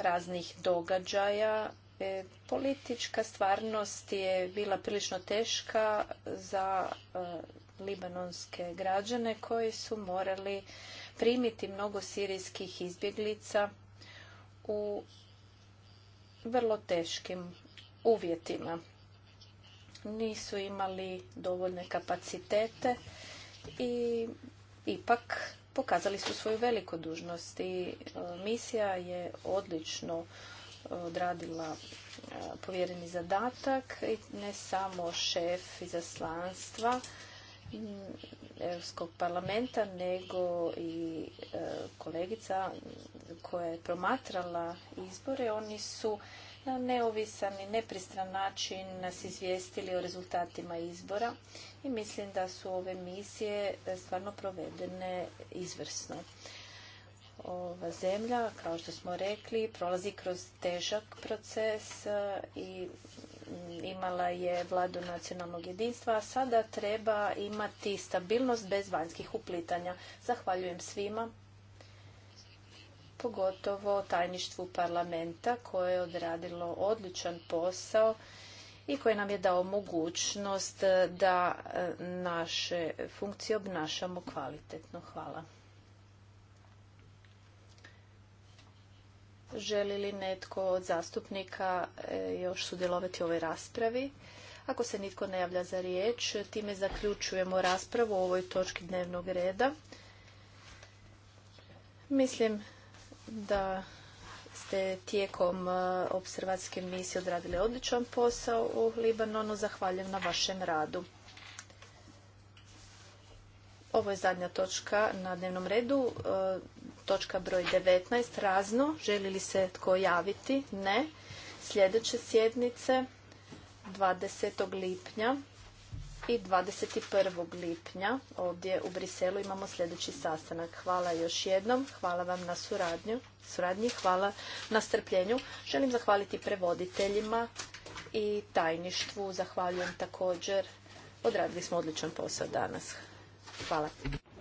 raznih događaja. E, politička stvarnost je bila prilično teška za e, libanonske građane koji su morali primiti mnogo sirijskih izbjeglica u vrlo teškim uvjetima. Nisu imali dovoljne kapacitete i ipak pokazali su svoju veliku dužnost i e, misija je odlično e, odradila e, povjereni zadatak i ne samo šef izaslanstva mm, Europskog parlamenta, nego i kolegica koja je promatrala izbore. Oni su na neovisan i nepristran način nas izvijestili o rezultatima izbora i mislim da su ove misije stvarno provedene izvrsno. Ova zemlja, kao što smo rekli, prolazi kroz težak proces eh, i imala je vladu nacionalnog jedinstva, a sada treba imati stabilnost bez vanjskih uplitanja. Zahvaljujem svima pogotovo tajništvu parlamenta koje je odradilo odličan posao i koji nam je dao mogućnost da e, naše funkcije obnašamo kvalitetno. Hvala. Želi li netko od zastupnika e, još sudjelovati u ovoj raspravi? Ako se nitko ne javlja za riječ, time zaključujemo raspravu o ovoj točki dnevnog reda. Mislim da ste tijekom e, observatske misije odradili odličan posao u Libanonu. Zahvaljujem na vašem radu. Ovo je zadnja točka na dnevnom redu. E, točka broj 19. Razno. Želi li se tko javiti? Ne. Sljedeće sjednice 20. lipnja i 21. lipnja ovdje u Briselu imamo sljedeći sastanak. Hvala još jednom, hvala vam na suradnju, suradnji, hvala na strpljenju. Želim zahvaliti prevoditeljima i tajništvu. Zahvaljujem također. Odradili smo odličan posao danas. Hvala.